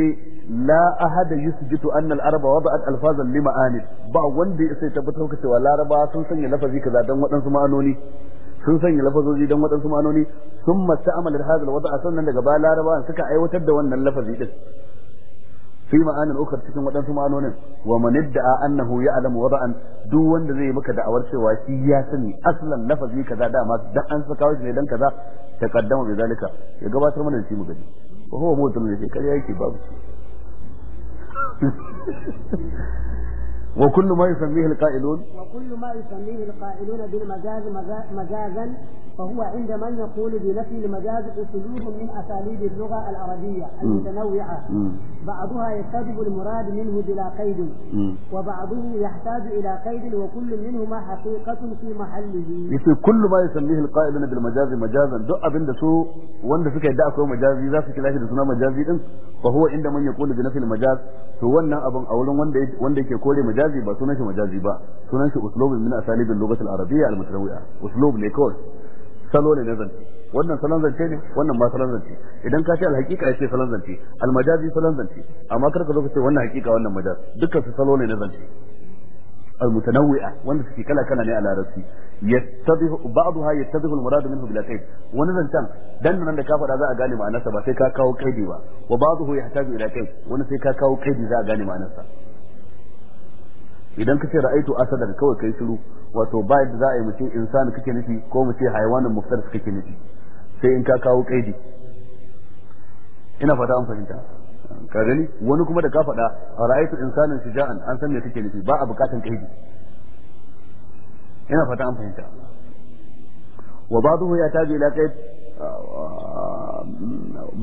la ahada yusjitu an al-araba wada'at alfazan li ma'anid ba wanda sai tabbatar ka cewa laraba sun sanya lafazi kaza dan waɗansu ma'anoni sun sanya lafazoji dan waɗansu ma'anoni sun mata amalar hadal wada'a sannan daga ba laraba suka aiwatar da wannan lafazi din في معان الأخرى تكون في معانونا ومن ادعى أنه يعلم وضعا دون ذي بك دعوات شواتي ياسمي أصلا نفذ بي كذا دعما دعا فكاوش ليدان كذا تقدم بذلك يقبات رمان انسي مجدي وهو موت من ذي كذا يأتي وكل ما يسميه القائلون وكل ما يسميه القائلون بالمجاز مجازا فهو عند من يقول بنفي المجاز اسلوب من اساليب اللغه العربيه المتنوعه بعضها يستجب المراد منه بلا قيد وبعضه يحتاج الى قيد وكل منهما حقيقه في محله يصير كل ما يسميه القائلون بالمجاز مجازا دق ابن سو وند suka yadda akwai majazi za su kira shi da suna majazi din fa huwa inda man yaqulu bi nafi majaz to wannan abun a wurin wanda wanda kore majazi ba sunan shi majazi ba sunan shi uslubun min al salo ne na zance wannan salon zance ne wannan ma salon zance idan ka ce alhaqiqa ya ce salon zance almajazi salon zance amma kar ka zo ka ce wannan haqiqa wannan majaz dukkan su salo ne na zance المتنوعة وان في kala كلا ني على رأسي يتضح بعضها يتضح المراد منه بلا كيد وان زنتان dan nan da ka fada za a gane ma'anarsa ba sai ka kawo kaidi ba wa ba'dahu yahtaju ila kaid wani sai ka kawo kaidi za a gane ma'anarsa idan kace ra'aitu asadan kawai kai shiru wato ba yadda za a yi mutum insani kake nufi ko mu ce haiwanin muftar kake nufi sai in ka kawo kaidi ina fata an fahimta ka gani wani kuma da ka faɗa ra'aitu insanin shija'an an san me kake nufi ba a bukatan kaidi ina fata an fahimta wa ba'dahu ya tabi ila qaid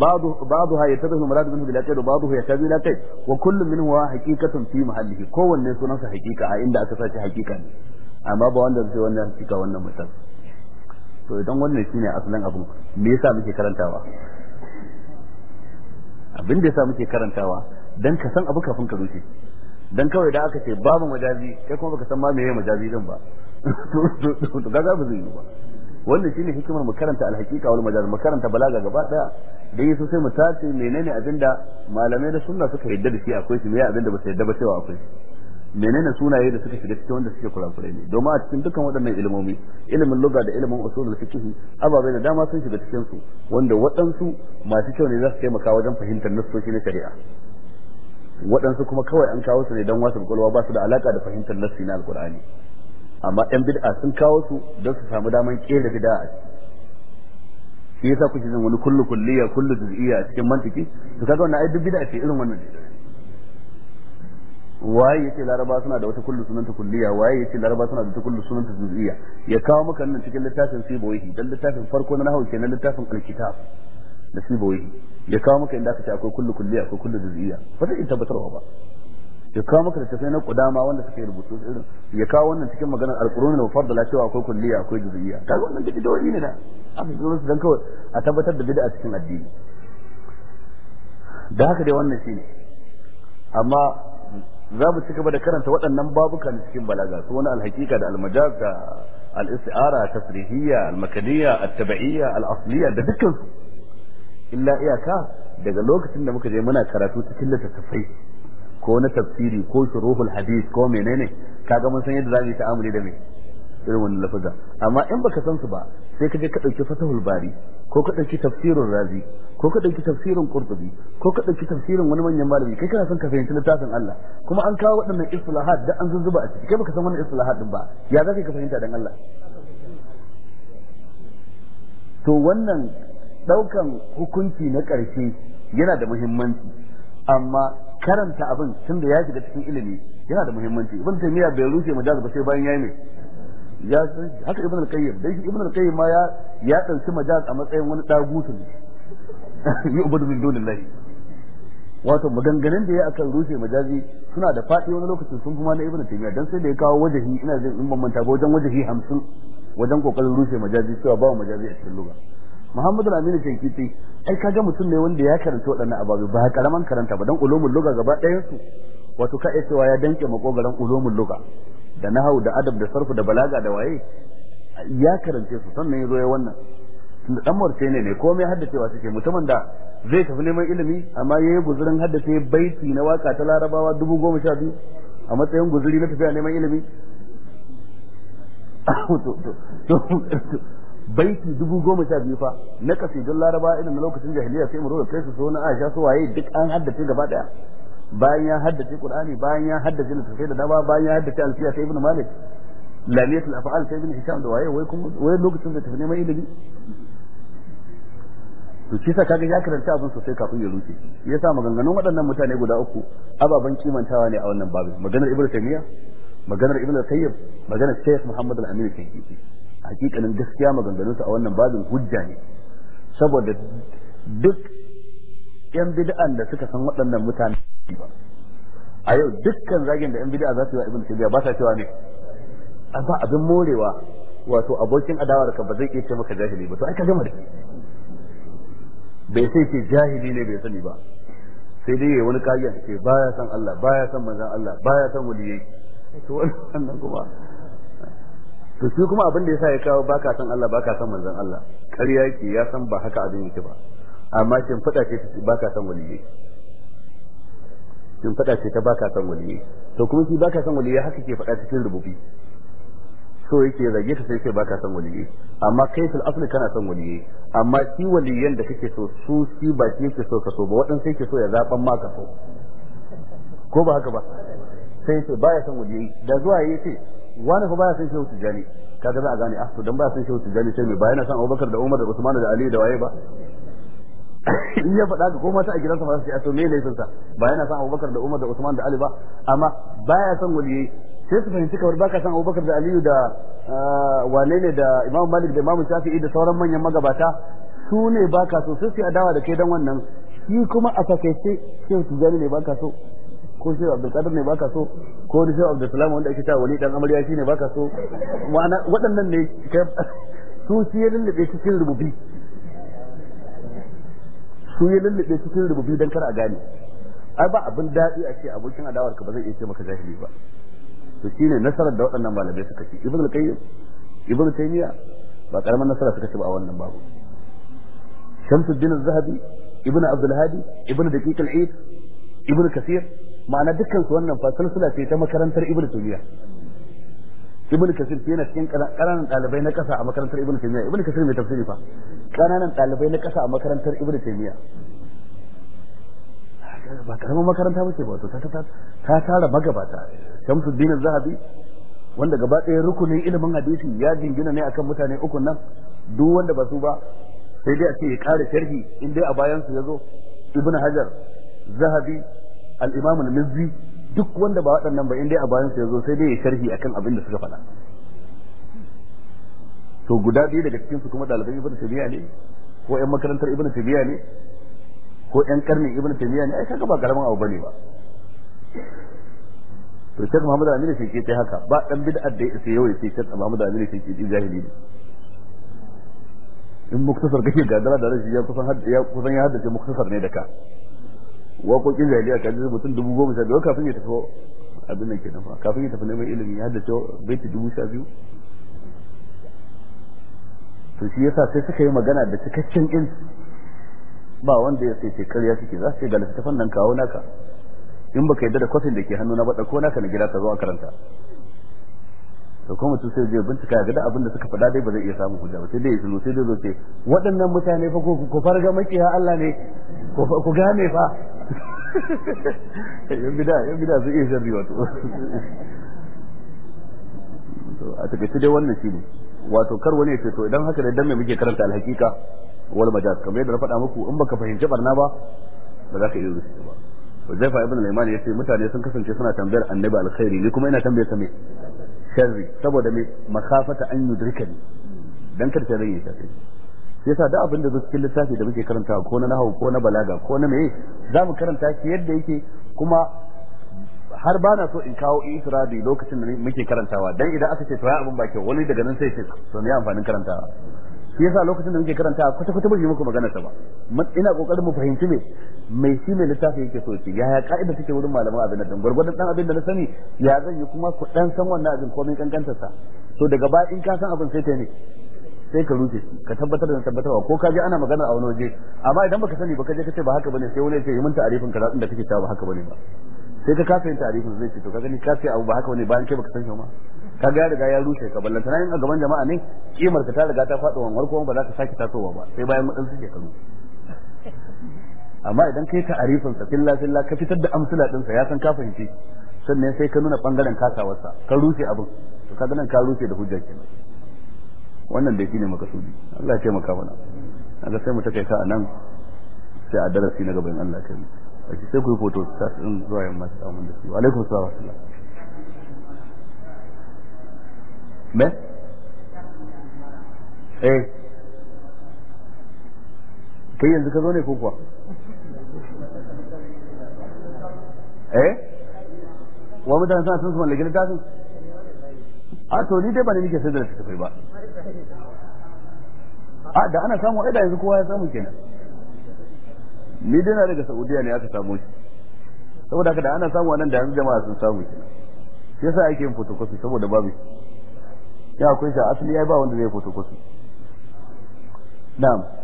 بعض بعضها يتبه المراد منه بلا كيد وبعضه يتبه بلا كيد وكل منهما حقيقة في محله كون ne نفس hakika a inda aka sace hakika amma ba wanda zai wannan hakika wannan mutum to idan wannan shine asalin abu me yasa muke karantawa abin da yasa muke karantawa dan ka san abu kafin ka dan kawai da aka ce babu majazi kai kuma baka san ma meye majazi din ba to zai yi ba wannan shine hikimar mu karanta alhaqiqa wal majaz mu karanta balaga gaba daya da yaso sai mu tace menene abinda malamai da sunna suka yadda da shi akwai shi me abinda ba su yadda ba cewa akwai shi menene sunaye da suka shiga cikin wanda suke kurakurai ne domin a cikin dukkan waɗannan ilimomi ilimin lugha da ilimin usulul fiqh ababai da dama sun shiga cikin su wanda waɗansu masu kyau ne za su taimaka wajen fahimtar nassoshi na shari'a waɗansu kuma kawai an kawo su ne don wasu kwakwalwa ba su da alaka da fahimtar nassi na alkur'ani amma yan bid'a sun kawo su don su samu daman kera bid'a a shi yasa kuke jin wani kullu kulliya kullu juz'iyya a cikin mantiki to kaga wannan ai duk bid'a ce irin wannan waye yace laraba suna da wata kullu sunanta kulliya waye yace laraba suna da wata kullu sunanta juz'iyya ya kawo maka nan cikin littafin siboyi dan littafin farko na nahwu kenan littafin alkitab da siboyi ya kawo maka inda aka ce akwai kullu kulliya akwai kullu juz'iyya ba in tabbatarwa ba ya kawo maka littafai na kudama wanda suka yi rubutu irin ya kawo wannan cikin maganar alkuruni da mufaddala cewa akwai kulliya akwai juz'iyya kaga wannan duk dawai ne da aka zo su dan kawai a tabbatar da bid'a cikin addini da haka dai wannan shine amma za mu ci gaba da karanta waɗannan babuka cikin balaga su wani alhaƙiƙa da almajaz da al-isti'ara tasrihiyya al-makaniyya at al-asliyya da dukkan illa iyaka daga lokacin da muka je muna karatu cikin littattafai ko na tafsiri ko shuruhul hadith ko menene kaga mun san yadda zamu yi ta'amuli da me irin wannan lafaza amma in baka san su ba sai ka je ka dauki fatahul bari ko ka dauki tafsirul razi ko ka dauki tafsirin qurtubi ko ka dauki tafsirin wani manyan malami kai kana son ka fahimci littafin Allah kuma an kawo waɗannan islahat da an zuzzuba a ciki kai baka san wannan islahat din ba ya zaka ka fahimta dan Allah to wannan daukan hukunci na ƙarshe yana da muhimmanci amma karanta abin tun da ya shiga cikin ilimi yana da muhimmanci ibn taymiya bai rufe majaz ba sai bayan yayi mai ya haka ibn al-qayyim dai ibn al-qayyim ma ya ya dauki majaz a matsayin wani dagutu yi ubudu min dunillahi wato maganganun da ya akan rufe majazi suna da faɗi wani lokacin sun kuma na ibn taymiya dan sai da ya kawo wajahi ina jin in ban manta ba wajen wajahi 50 wajen kokarin rufe majazi cewa ba majazi a cikin lugha muhammadu al-amin shankiti ai ka kaga mutum ne wanda ya karanta waɗannan ababe ba karaman karanta ba dan ulumul lugha gaba ɗayan su wato ka iya cewa ya danke makogaran ulumul lugha da nahau da adab da sarfu da balaga da waye ya karance su sannan ya zo ya wannan dan murce ne ne komai haddacewa suke mutumin da zai tafi neman ilimi amma yayi guzurin haddace baiti na waka ta larabawa dubu goma sha biyu a matsayin guzuri na tafiya neman ilimi baiti dubu goma sha biyu fa na don laraba irin na lokacin jahiliya sai muro da kai su so na aisha su waye duk an haddace gaba daya bayan ya haddace qur'ani bayan ya haddace littafai da dama bayan ya haddace alfiya sai ibn malik lamiyat al-af'al sai ibn hisham da waye wai kuma wai lokacin da tafi neman ilimi to shi sa kaga ya karanta abin sosai kafin ya rufe yasa maganganun waɗannan mutane guda uku ababen kimantawa ne a wannan babin maganar ibnu taymiya maganar Ibrahim al-qayyim maganar shaykh muhammad al-amin al-kayyim hakikanin gaskiya maganganunsu a wannan babin hujja ne saboda duk yan bid'an da suka san waɗannan mutane ba a yau dukkan zagin da yan bid'a za su yi wa ibn tabiya ba sa cewa ne ba abin morewa wato abokin adawar ka ba zai iya ce maka jahili ba to ai ka gama da bai sai ce jahili ne bai sani ba sai dai yayi wani kariya ce baya san Allah baya san manzon Allah baya san waliyai to wannan kuma to shi kuma abin da yasa ya kawo baka san Allah baka san manzon Allah ƙarya yake ya san ba haka abin yake ba amma kin fada ce baka san waliyyi kin fada ce ta baka san waliye to kuma shi baka san waliye haka ke fada cikin rububi so yake zage ta sai ke baka san waliye amma kai fil asli kana san waliye amma shi waliyan da kake so su shi ba shi yake so ka so ba waɗansu ke so ya zaban ma ka so ko ba haka ba sai ce baya san waliye da zuwa yace wani fa baya san shehu tijani kaga za a gane ah to dan baya san shehu tijani sai me ba yana san Abubakar da Umar da Usman da Ali da waye ba in ya faɗa ga ko mata a gidansa ba su ce a ah, to me ne sun sa ba yana san Abubakar da Umar da Usman da Ali ba amma baya san waliyai sai su fahimci kamar baka san Abubakar da Aliyu da ah, wane ne da Imam Malik da Imam Shafi'i da sauran manyan magabata su ne baka so sai su adawa da kai dan wannan shi kuma a fakaice shehu tijani ne baka so ko shehu abdul qadir ne baka so ko ni shehu abdul salam wanda ake ta wani dan amarya shi shine baka so ma'ana waɗannan ne su shi ya lullube cikin rububi su ya lullube cikin rububi dan kar a gane ai ba abin daɗi a ce abokin adawar ka ba zai iya ce maka jahili ba to shi ne nasarar da waɗannan malamai suka ci ibnu qayyim ibnu taymiya ba karamar nasara suka ci ba a wannan babu shamsuddin az-zahabi ibnu abdul hadi ibnu daqiq al-eid ibnu kasir ma'ana dukkan su wannan fa silsila ce ta makarantar ibnu tumiya ibnu kasir ce yana cikin kananan dalibai na kasa a makarantar ibnu tumiya ibnu kasir mai tafsiri fa kananan dalibai na kasa a makarantar ibnu tumiya ba karamin makaranta bace ba ta ta tara magabata Shamsuddin Zahabi wanda gaba ɗaya rukunin ilimin hadisi ya jingina ne akan mutane uku nan duk wanda ba su ba sai dai a ce ya kare sharhi in dai a bayan su yazo ibnu Hajar Zahabi al-imam al-mizzi duk wanda ba waɗannan ba indai a bayan sa yazo sai dai ya sharhi akan abin da suka faɗa to guda biyu daga cikin su kuma dalibai ibn tabiya ne ko ƴan makarantar ibn tabiya ne ko ƴan karni ibn tabiya ne ai kaga ba karaman abu bane ba to shek muhammad amiri sai ke haka ba dan bid'a da sai yau sai shek muhammad amiri sai ke jahili ne in muktasar kake gadara da rashi ya kusan ya kusan ya haddace muktasar ne da ka waƙoƙin zaliya ka ji mutum dubu goma sha biyu kafin ya tafi abin nan kenan fa kafin ya tafi neman ilimi ya haddace baiti dubu sha biyu to shi yasa sai suka yi magana da cikakken in ba wanda ya sai ce karya suke za su ce ga littattafan nan kawo naka in baka yadda da kwafin da ke hannu na baɗa ko naka na gida ka zo a karanta to kuma mutum sai zai bincika ya gada abin da suka faɗa dai ba zai iya samun hujja ba sai dai ya sai dai zo ce waɗannan mutane fa ko farga makiya Allah ne ko gane fa yan gida yan gida su iya sharri wato a takaice dai wannan shine wato kar wani ya ce to idan haka da dan me muke karanta alhaqiqa wal majaz kamar yadda na faɗa muku in baka fahimci barna ba ba za ka iya rubuta ba Huzaifa ibn Al-Iman ya ce mutane sun kasance suna tambayar annabi alkhairi ni kuma ina tambayar ta me sharri saboda me makafata an yudrikani dan kar sai ran ta shafe shi yasa da abin da cikin littafi da muke karanta ko na nahawu ko na balaga ko na meye za mu karanta shi yadda yake kuma har ba na so in kawo isra'i lokacin da muke karantawa dan idan aka ce to abin ba kyau wani daga nan sai ce to me amfanin karantawa shi yasa lokacin da muke karanta kwata kwata bai muku magana ta ba ina kokarin mu fahimci me mai shi mai littafi yake so ce yaya ka'ida take wurin malaman abin nan gurgurdan dan abin da na sani ya zan yi kuma ku dan san wannan abin komai kankantar sa to daga baya in ka san abin sai ta ne sai ka rufe shi ka tabbatar da tabbatarwa ko ka ji ana magana a wani waje amma idan baka sani ka je ka ce ba haka bane sai wani ya ce yi mun ta'arifin kaza da kake ta ba haka bane ba sai ka kasa yin ta'arifin zai ce to ka gani ka ce abu ba haka bane bayan kai baka san shi ma ka ga riga ya rushe ka ballanta nan a gaban jama'a ne kimar ka ta riga ta faɗo wanwar warkon ba za ka sake tasowa ba sai bayan mutan suke kanu amma idan kai tarifin sa filla filla ka fitar da amsala din sa ya san ka fahimci sannan sai ka nuna bangaren kasawarsa ka rushe abin to ka ga nan ka rushe da hujjar kenan wannan da shine makasudi Allah ya taimaka mana daga sai mu take ka nan sai a darasi na gaban Allah kai sai sai ku yi foto ta sun zuwa yamma ta mun da su alaikum assalam me eh kai yanzu ka zo ne ko kuwa eh wa mutane suna sun su mallaki littafin a to ni dai ba ne nike sai da littattafai ba a da ana samu aida yanzu kowa ya samu kenan ni dai na daga saudiya ne aka samu shi saboda haka da ana samu nan da yanzu jama'a sun samu shi shi yasa ake yin fotokofi saboda babu shi ya akwai shi asali ya ba wanda zai fotokofi na'am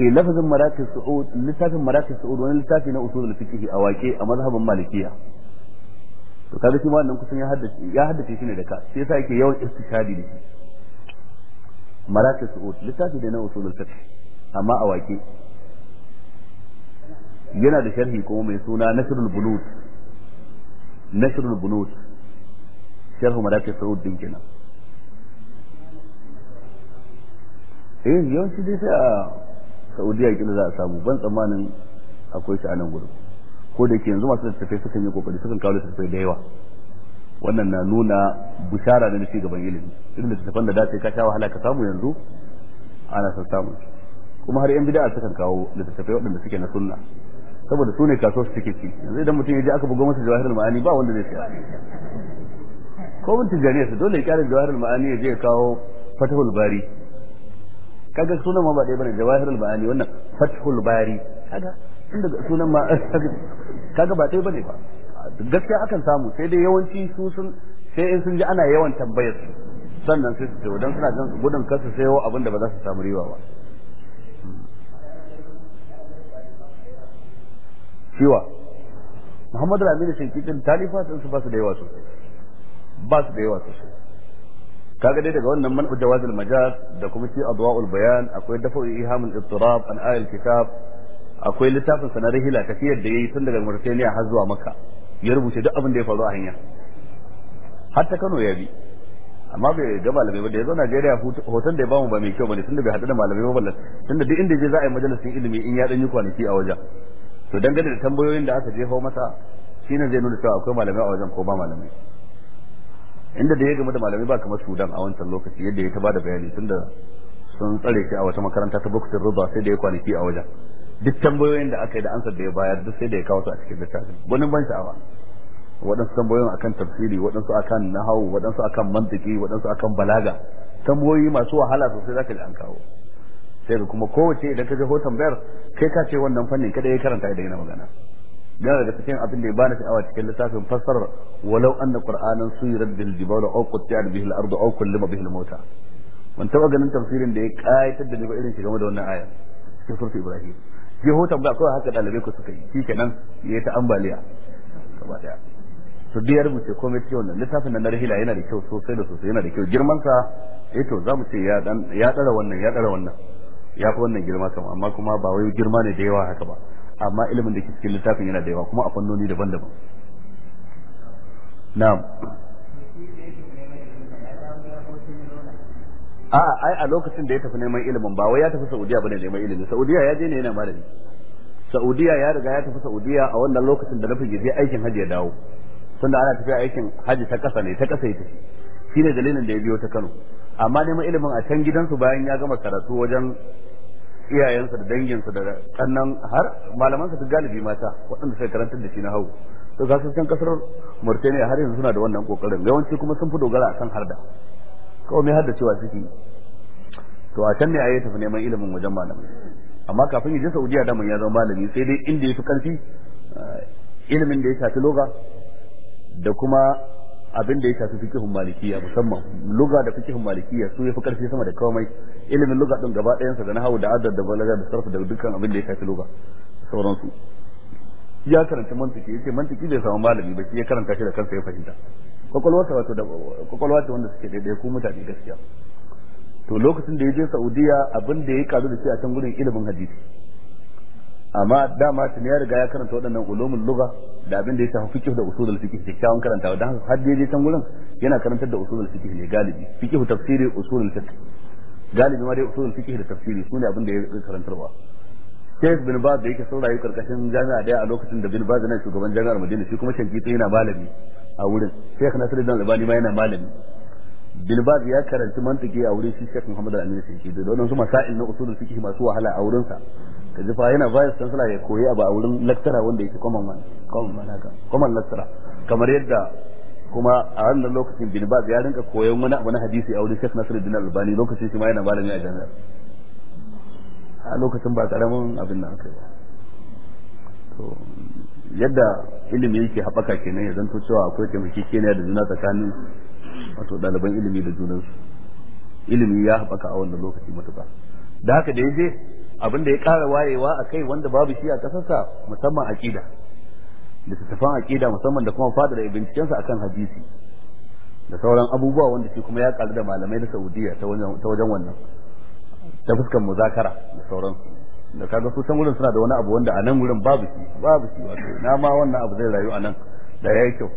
eh lafazin marakis su'ud littafin marakis su'ud wani littafi na usulul fiqh a wake a mazhabin malikiya to kaga shi ma wannan kusan ya haddace ya haddace shi ne da ka sai yasa yake yawan istishadi da shi marakis su'ud littafi da na usulul fiqh amma a wake yana da sharhi kuma mai suna nasrul bulut nasrul bulut sharhu marakis su'ud din kenan eh yawanci dai sai a saudiya kila za a samu ban tsammanin akwai shi a nan gudu ko da ke yanzu masu tafiye sukan yi kokari sukan kawo tafiye da yawa wannan na nuna bishara da nufi gaban ilimi irin tafan da dace ka sha wahala ka samu yanzu ana son samu kuma har yan bid'a sukan kawo littattafai waɗanda suke na sunna saboda su ne kasuwar su suke ci yanzu idan mutum ya je aka buga masa jawahirul ma'ani ba wanda zai siya ko mun tijaniya su dole ya kyara jawahirul ma'ani ya je ya kawo fatahul bari kaga sunan ma ba dai bane jawahirul ba'ani wannan fathul bari kaga inda sunan ma kaga ba dai bane ba gaskiya akan samu sai dai yawanci su sun sai in sun ji ana yawan tambayar su sannan sai su ce dan suna jin gudun kasu sayo yawo da ba za su samu riwa ba cewa Muhammadu Aminu Shinkitin talifa sun su ba su da yawa sosai ba su da yawa sosai kaga dai daga wannan man'u jawazul majaz da kuma shi adwaul bayan akwai dafa ihamul ittirab an ayal kitab akwai littafin sanar hila kafiyar da yayi tun daga murtaniya har zuwa Makka ya rubuce duk abin da ya faru a hanya hatta Kano ya bi amma bai ga malamai ba da ya zo Najeriya hoton da ya bamu ba mai kyau bane tunda bai haɗu da malamai ba ballan tunda duk inda je za a yi majalisin ilimi in ya dan yi kwanaki a wajen to dangane da tambayoyin da aka jefo masa shine zai nuna cewa akwai malamai a wajen ko ba malamai inda da ya game da malamai ba kamar sudan a wancan lokaci yadda ya ta da bayani tunda sun tsare shi a wata makaranta ta bukutun ruba sai da ya kwanaki a wajen duk tambayoyin da aka yi da ansar da ya bayar duk sai da ya kawo su a cikin littafin wani ban sha'awa waɗansu tambayoyin akan tafsiri waɗansu akan nahawu waɗansu akan mantiki waɗansu akan balaga tambayoyi masu wahala sosai zaka ji an kawo sai kuma kowace idan ka je ho tambayar kai ka ce wannan fannin kada ya karanta idan yana magana yana daga cikin abin da ya bani sha'awa cikin littafin fassarar walau anna qur'anan suyirat bil jibal aw qutti'at bihi al ardu aw kullima bihi al mauta mun taba ganin tafsirin da ya kayatar da ni ba irin shi game da wannan aya cikin surfi ibrahim je hoton ba kawai haka dalibai ku suka yi shikenan yayi ta ambaliya gaba daya su biyar mu ce komai cikin wannan littafin na rahila yana da kyau sosai da sosai yana da kyau girman sa eh to zamu ce ya dan ya dara wannan ya dara wannan ya fi wannan girma kama amma kuma ba wai girma ne da yawa haka ba amma ilimin da ke cikin littafin yana da yawa kuma a fannoni daban-daban na'am a ai a lokacin da ya tafi neman ilimin ba wai ya tafi Saudiya bane neman ilimi Saudiya ya je ne yana malami Saudiya ya riga ya tafi Saudiya a wannan lokacin da na fige je aikin hajji ya dawo tunda ana tafi aikin hajji ta kasa ne ta kasa ya tafi shine dalilin da ya biyo ta Kano amma neman ilimin a can gidansu bayan ya gama karatu wajen iyayensa da danginsa da kannan har malamansa duk galibi mata waɗanda suka karanta da shi na hau to za su can kasar Mauritania har yanzu suna da wannan kokarin yawanci kuma sun fi dogara san harda kawai mai harda cewa suke to a can ne ayi tafi neman ilimin wajen malamai amma kafin ya je Saudiya da ya zama malami sai dai inda ya fi karfi eh, ilimin da ya shafi loga da kuma abin da ya shafi fikihun malikiya musamman luga da fikihun malikiya su ya fi karfi sama da komai ilimin luga din gaba ɗayansa da nahawu da adad da balaga da sarfa da dukkan abin da ya shafi luga sauransu ya karanta mantiki yace mantiki bai samu malami ba shi ya karanta shi da kansa ya fahimta kwakwalwa ta wato da kwakwalwa ta wanda suke daidai ko mutane gaskiya to lokacin da ya je Saudiya abin da ya karu da shi a can gudun ilimin hadisi amma dama tun ya riga ya karanta waɗannan ulumul luga. da abin da ya shafi fiqh da usulul fiqh kyakkyawan karantawa dan haka har daidai can gurin yana karantar da usulul fiqh ne galibi fiqh tafsiri usulul fiqh galibi ma dai usulul fiqh da tafsiri sune abin da ya karantarwa Sheikh bin Baz da yake saurayi karkashin jami'a daya a lokacin da bin Baz na shugaban jami'ar Madina shi kuma Shankiti yana malami a wurin Sheikh Nasiruddin Albani ma yana malami bin Baz ya karanci mantiki a wurin shi Sheikh Muhammad Al-Amin Shankiti da wadansu masail na usulul fiqh masu wahala a wurin sa ka ji fa yana vice chancellor ya koyi abu a wurin lecturer wanda yake common man common man haka common lecturer kamar yadda kuma a wannan lokacin bin baz ya rinka koyon wani abu na hadisi a wurin Sheikh Nasiruddin Albani lokacin shi ma yana malami a jami'a a lokacin ba karamin abin nan kai to yadda ilimi yake haɓaka kenan ya zanto cewa akwai kenan da juna tsakanin wato ɗaliban ilimi da junansu ilimi ya haɓaka a wannan lokaci matuƙa da haka da ya je abin da ya ƙara wayewa a kai wanda babu shi a ƙasarsa musamman aƙida littattafan aƙida musamman da kuma fadar bincikensa kan hadisi da sauran abubuwa wanda shi kuma ya ƙaru da malamai na saudiya ta wajen wannan ta fuskan muzakara da sauransu da kaga su can wurin suna da wani abu wanda a nan wurin babu shi babu shi wato na ma wannan abu zai rayu a nan da yi kyau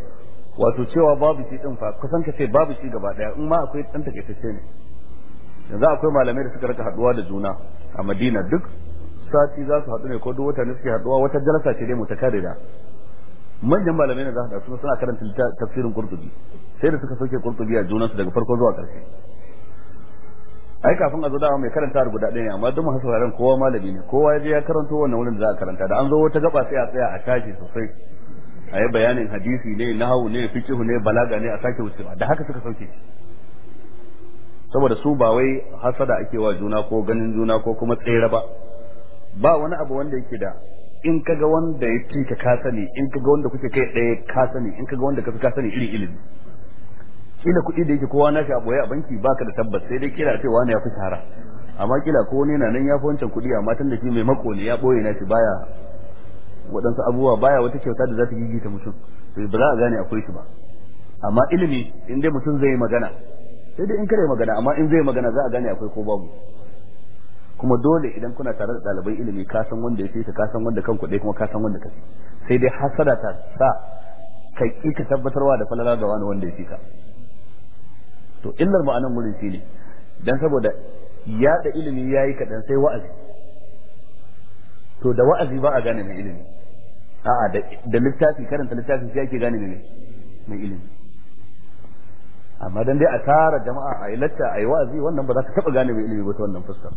wato cewa babu shi din fa kusan ka ce babu shi gaba daya in ma akwai dan takaitacce ne yanzu akwai malamai da suka rika haduwa da juna a madina duk sati za su haɗu ne ko duk wata ne suke haɗuwa wata jalsa ce dai mutakarrira manyan malamai ne za su haɗu kuma suna karanta tafsirin qurtubi sai da suka sauke qurtubi a junansu daga farko zuwa ƙarshe ai kafin a zo dama mai karanta guda ɗaya ne amma duk masu sauraron kowa malami ne kowa ya ya karanto wannan wurin da za a karanta da an zo wata gaba sai a tsaya a tashi sosai a yi bayanin hadisi ne nahawu ne fiqhu ne balaga ne a sake wuce wucewa da haka suka sauke saboda su ba wai hasada ake wa juna ko ganin juna ko kuma tsere ba ba wani abu wanda yake da in kaga wanda ya ci ka sani in kaga wanda kuke kai ɗaya ka sani in kaga wanda ka ka sani iri ilimi kila kuɗi da yake kowa na shi a boye a banki baka da tabbas sai dai kila ce wani ya fi shahara amma kila ko wani na nan ya fi wancan kuɗi amma tun da shi mai mako ne ya boye na shi baya waɗansu abubuwa baya wata kyauta da za ta gigita mutum to ba za a gane akwai shi ba amma ilimi in dai mutum zai yi magana sai dai in kare magana amma in zai magana za a gane akwai ko babu kuma dole idan kuna tare da ɗalibai ilimi ka san wanda ya yake ka san wanda kanku dai kuma ka san wanda kace sai dai hasada ta sa ka ki ka tabbatarwa da falala ga wani wanda yake ka to illar ma'anan wurin shi ne dan saboda yada ilimi yayi kaɗan sai wa'azi to da wa'azi ba a gane mai ilimi a'a da littafi karanta littafi sai ake gane mai ilimi amma dan dai a tara jama'a a yi latta a yi wa'azi wannan ba za ka taɓa gane mai ilimi ba ta wannan fuskar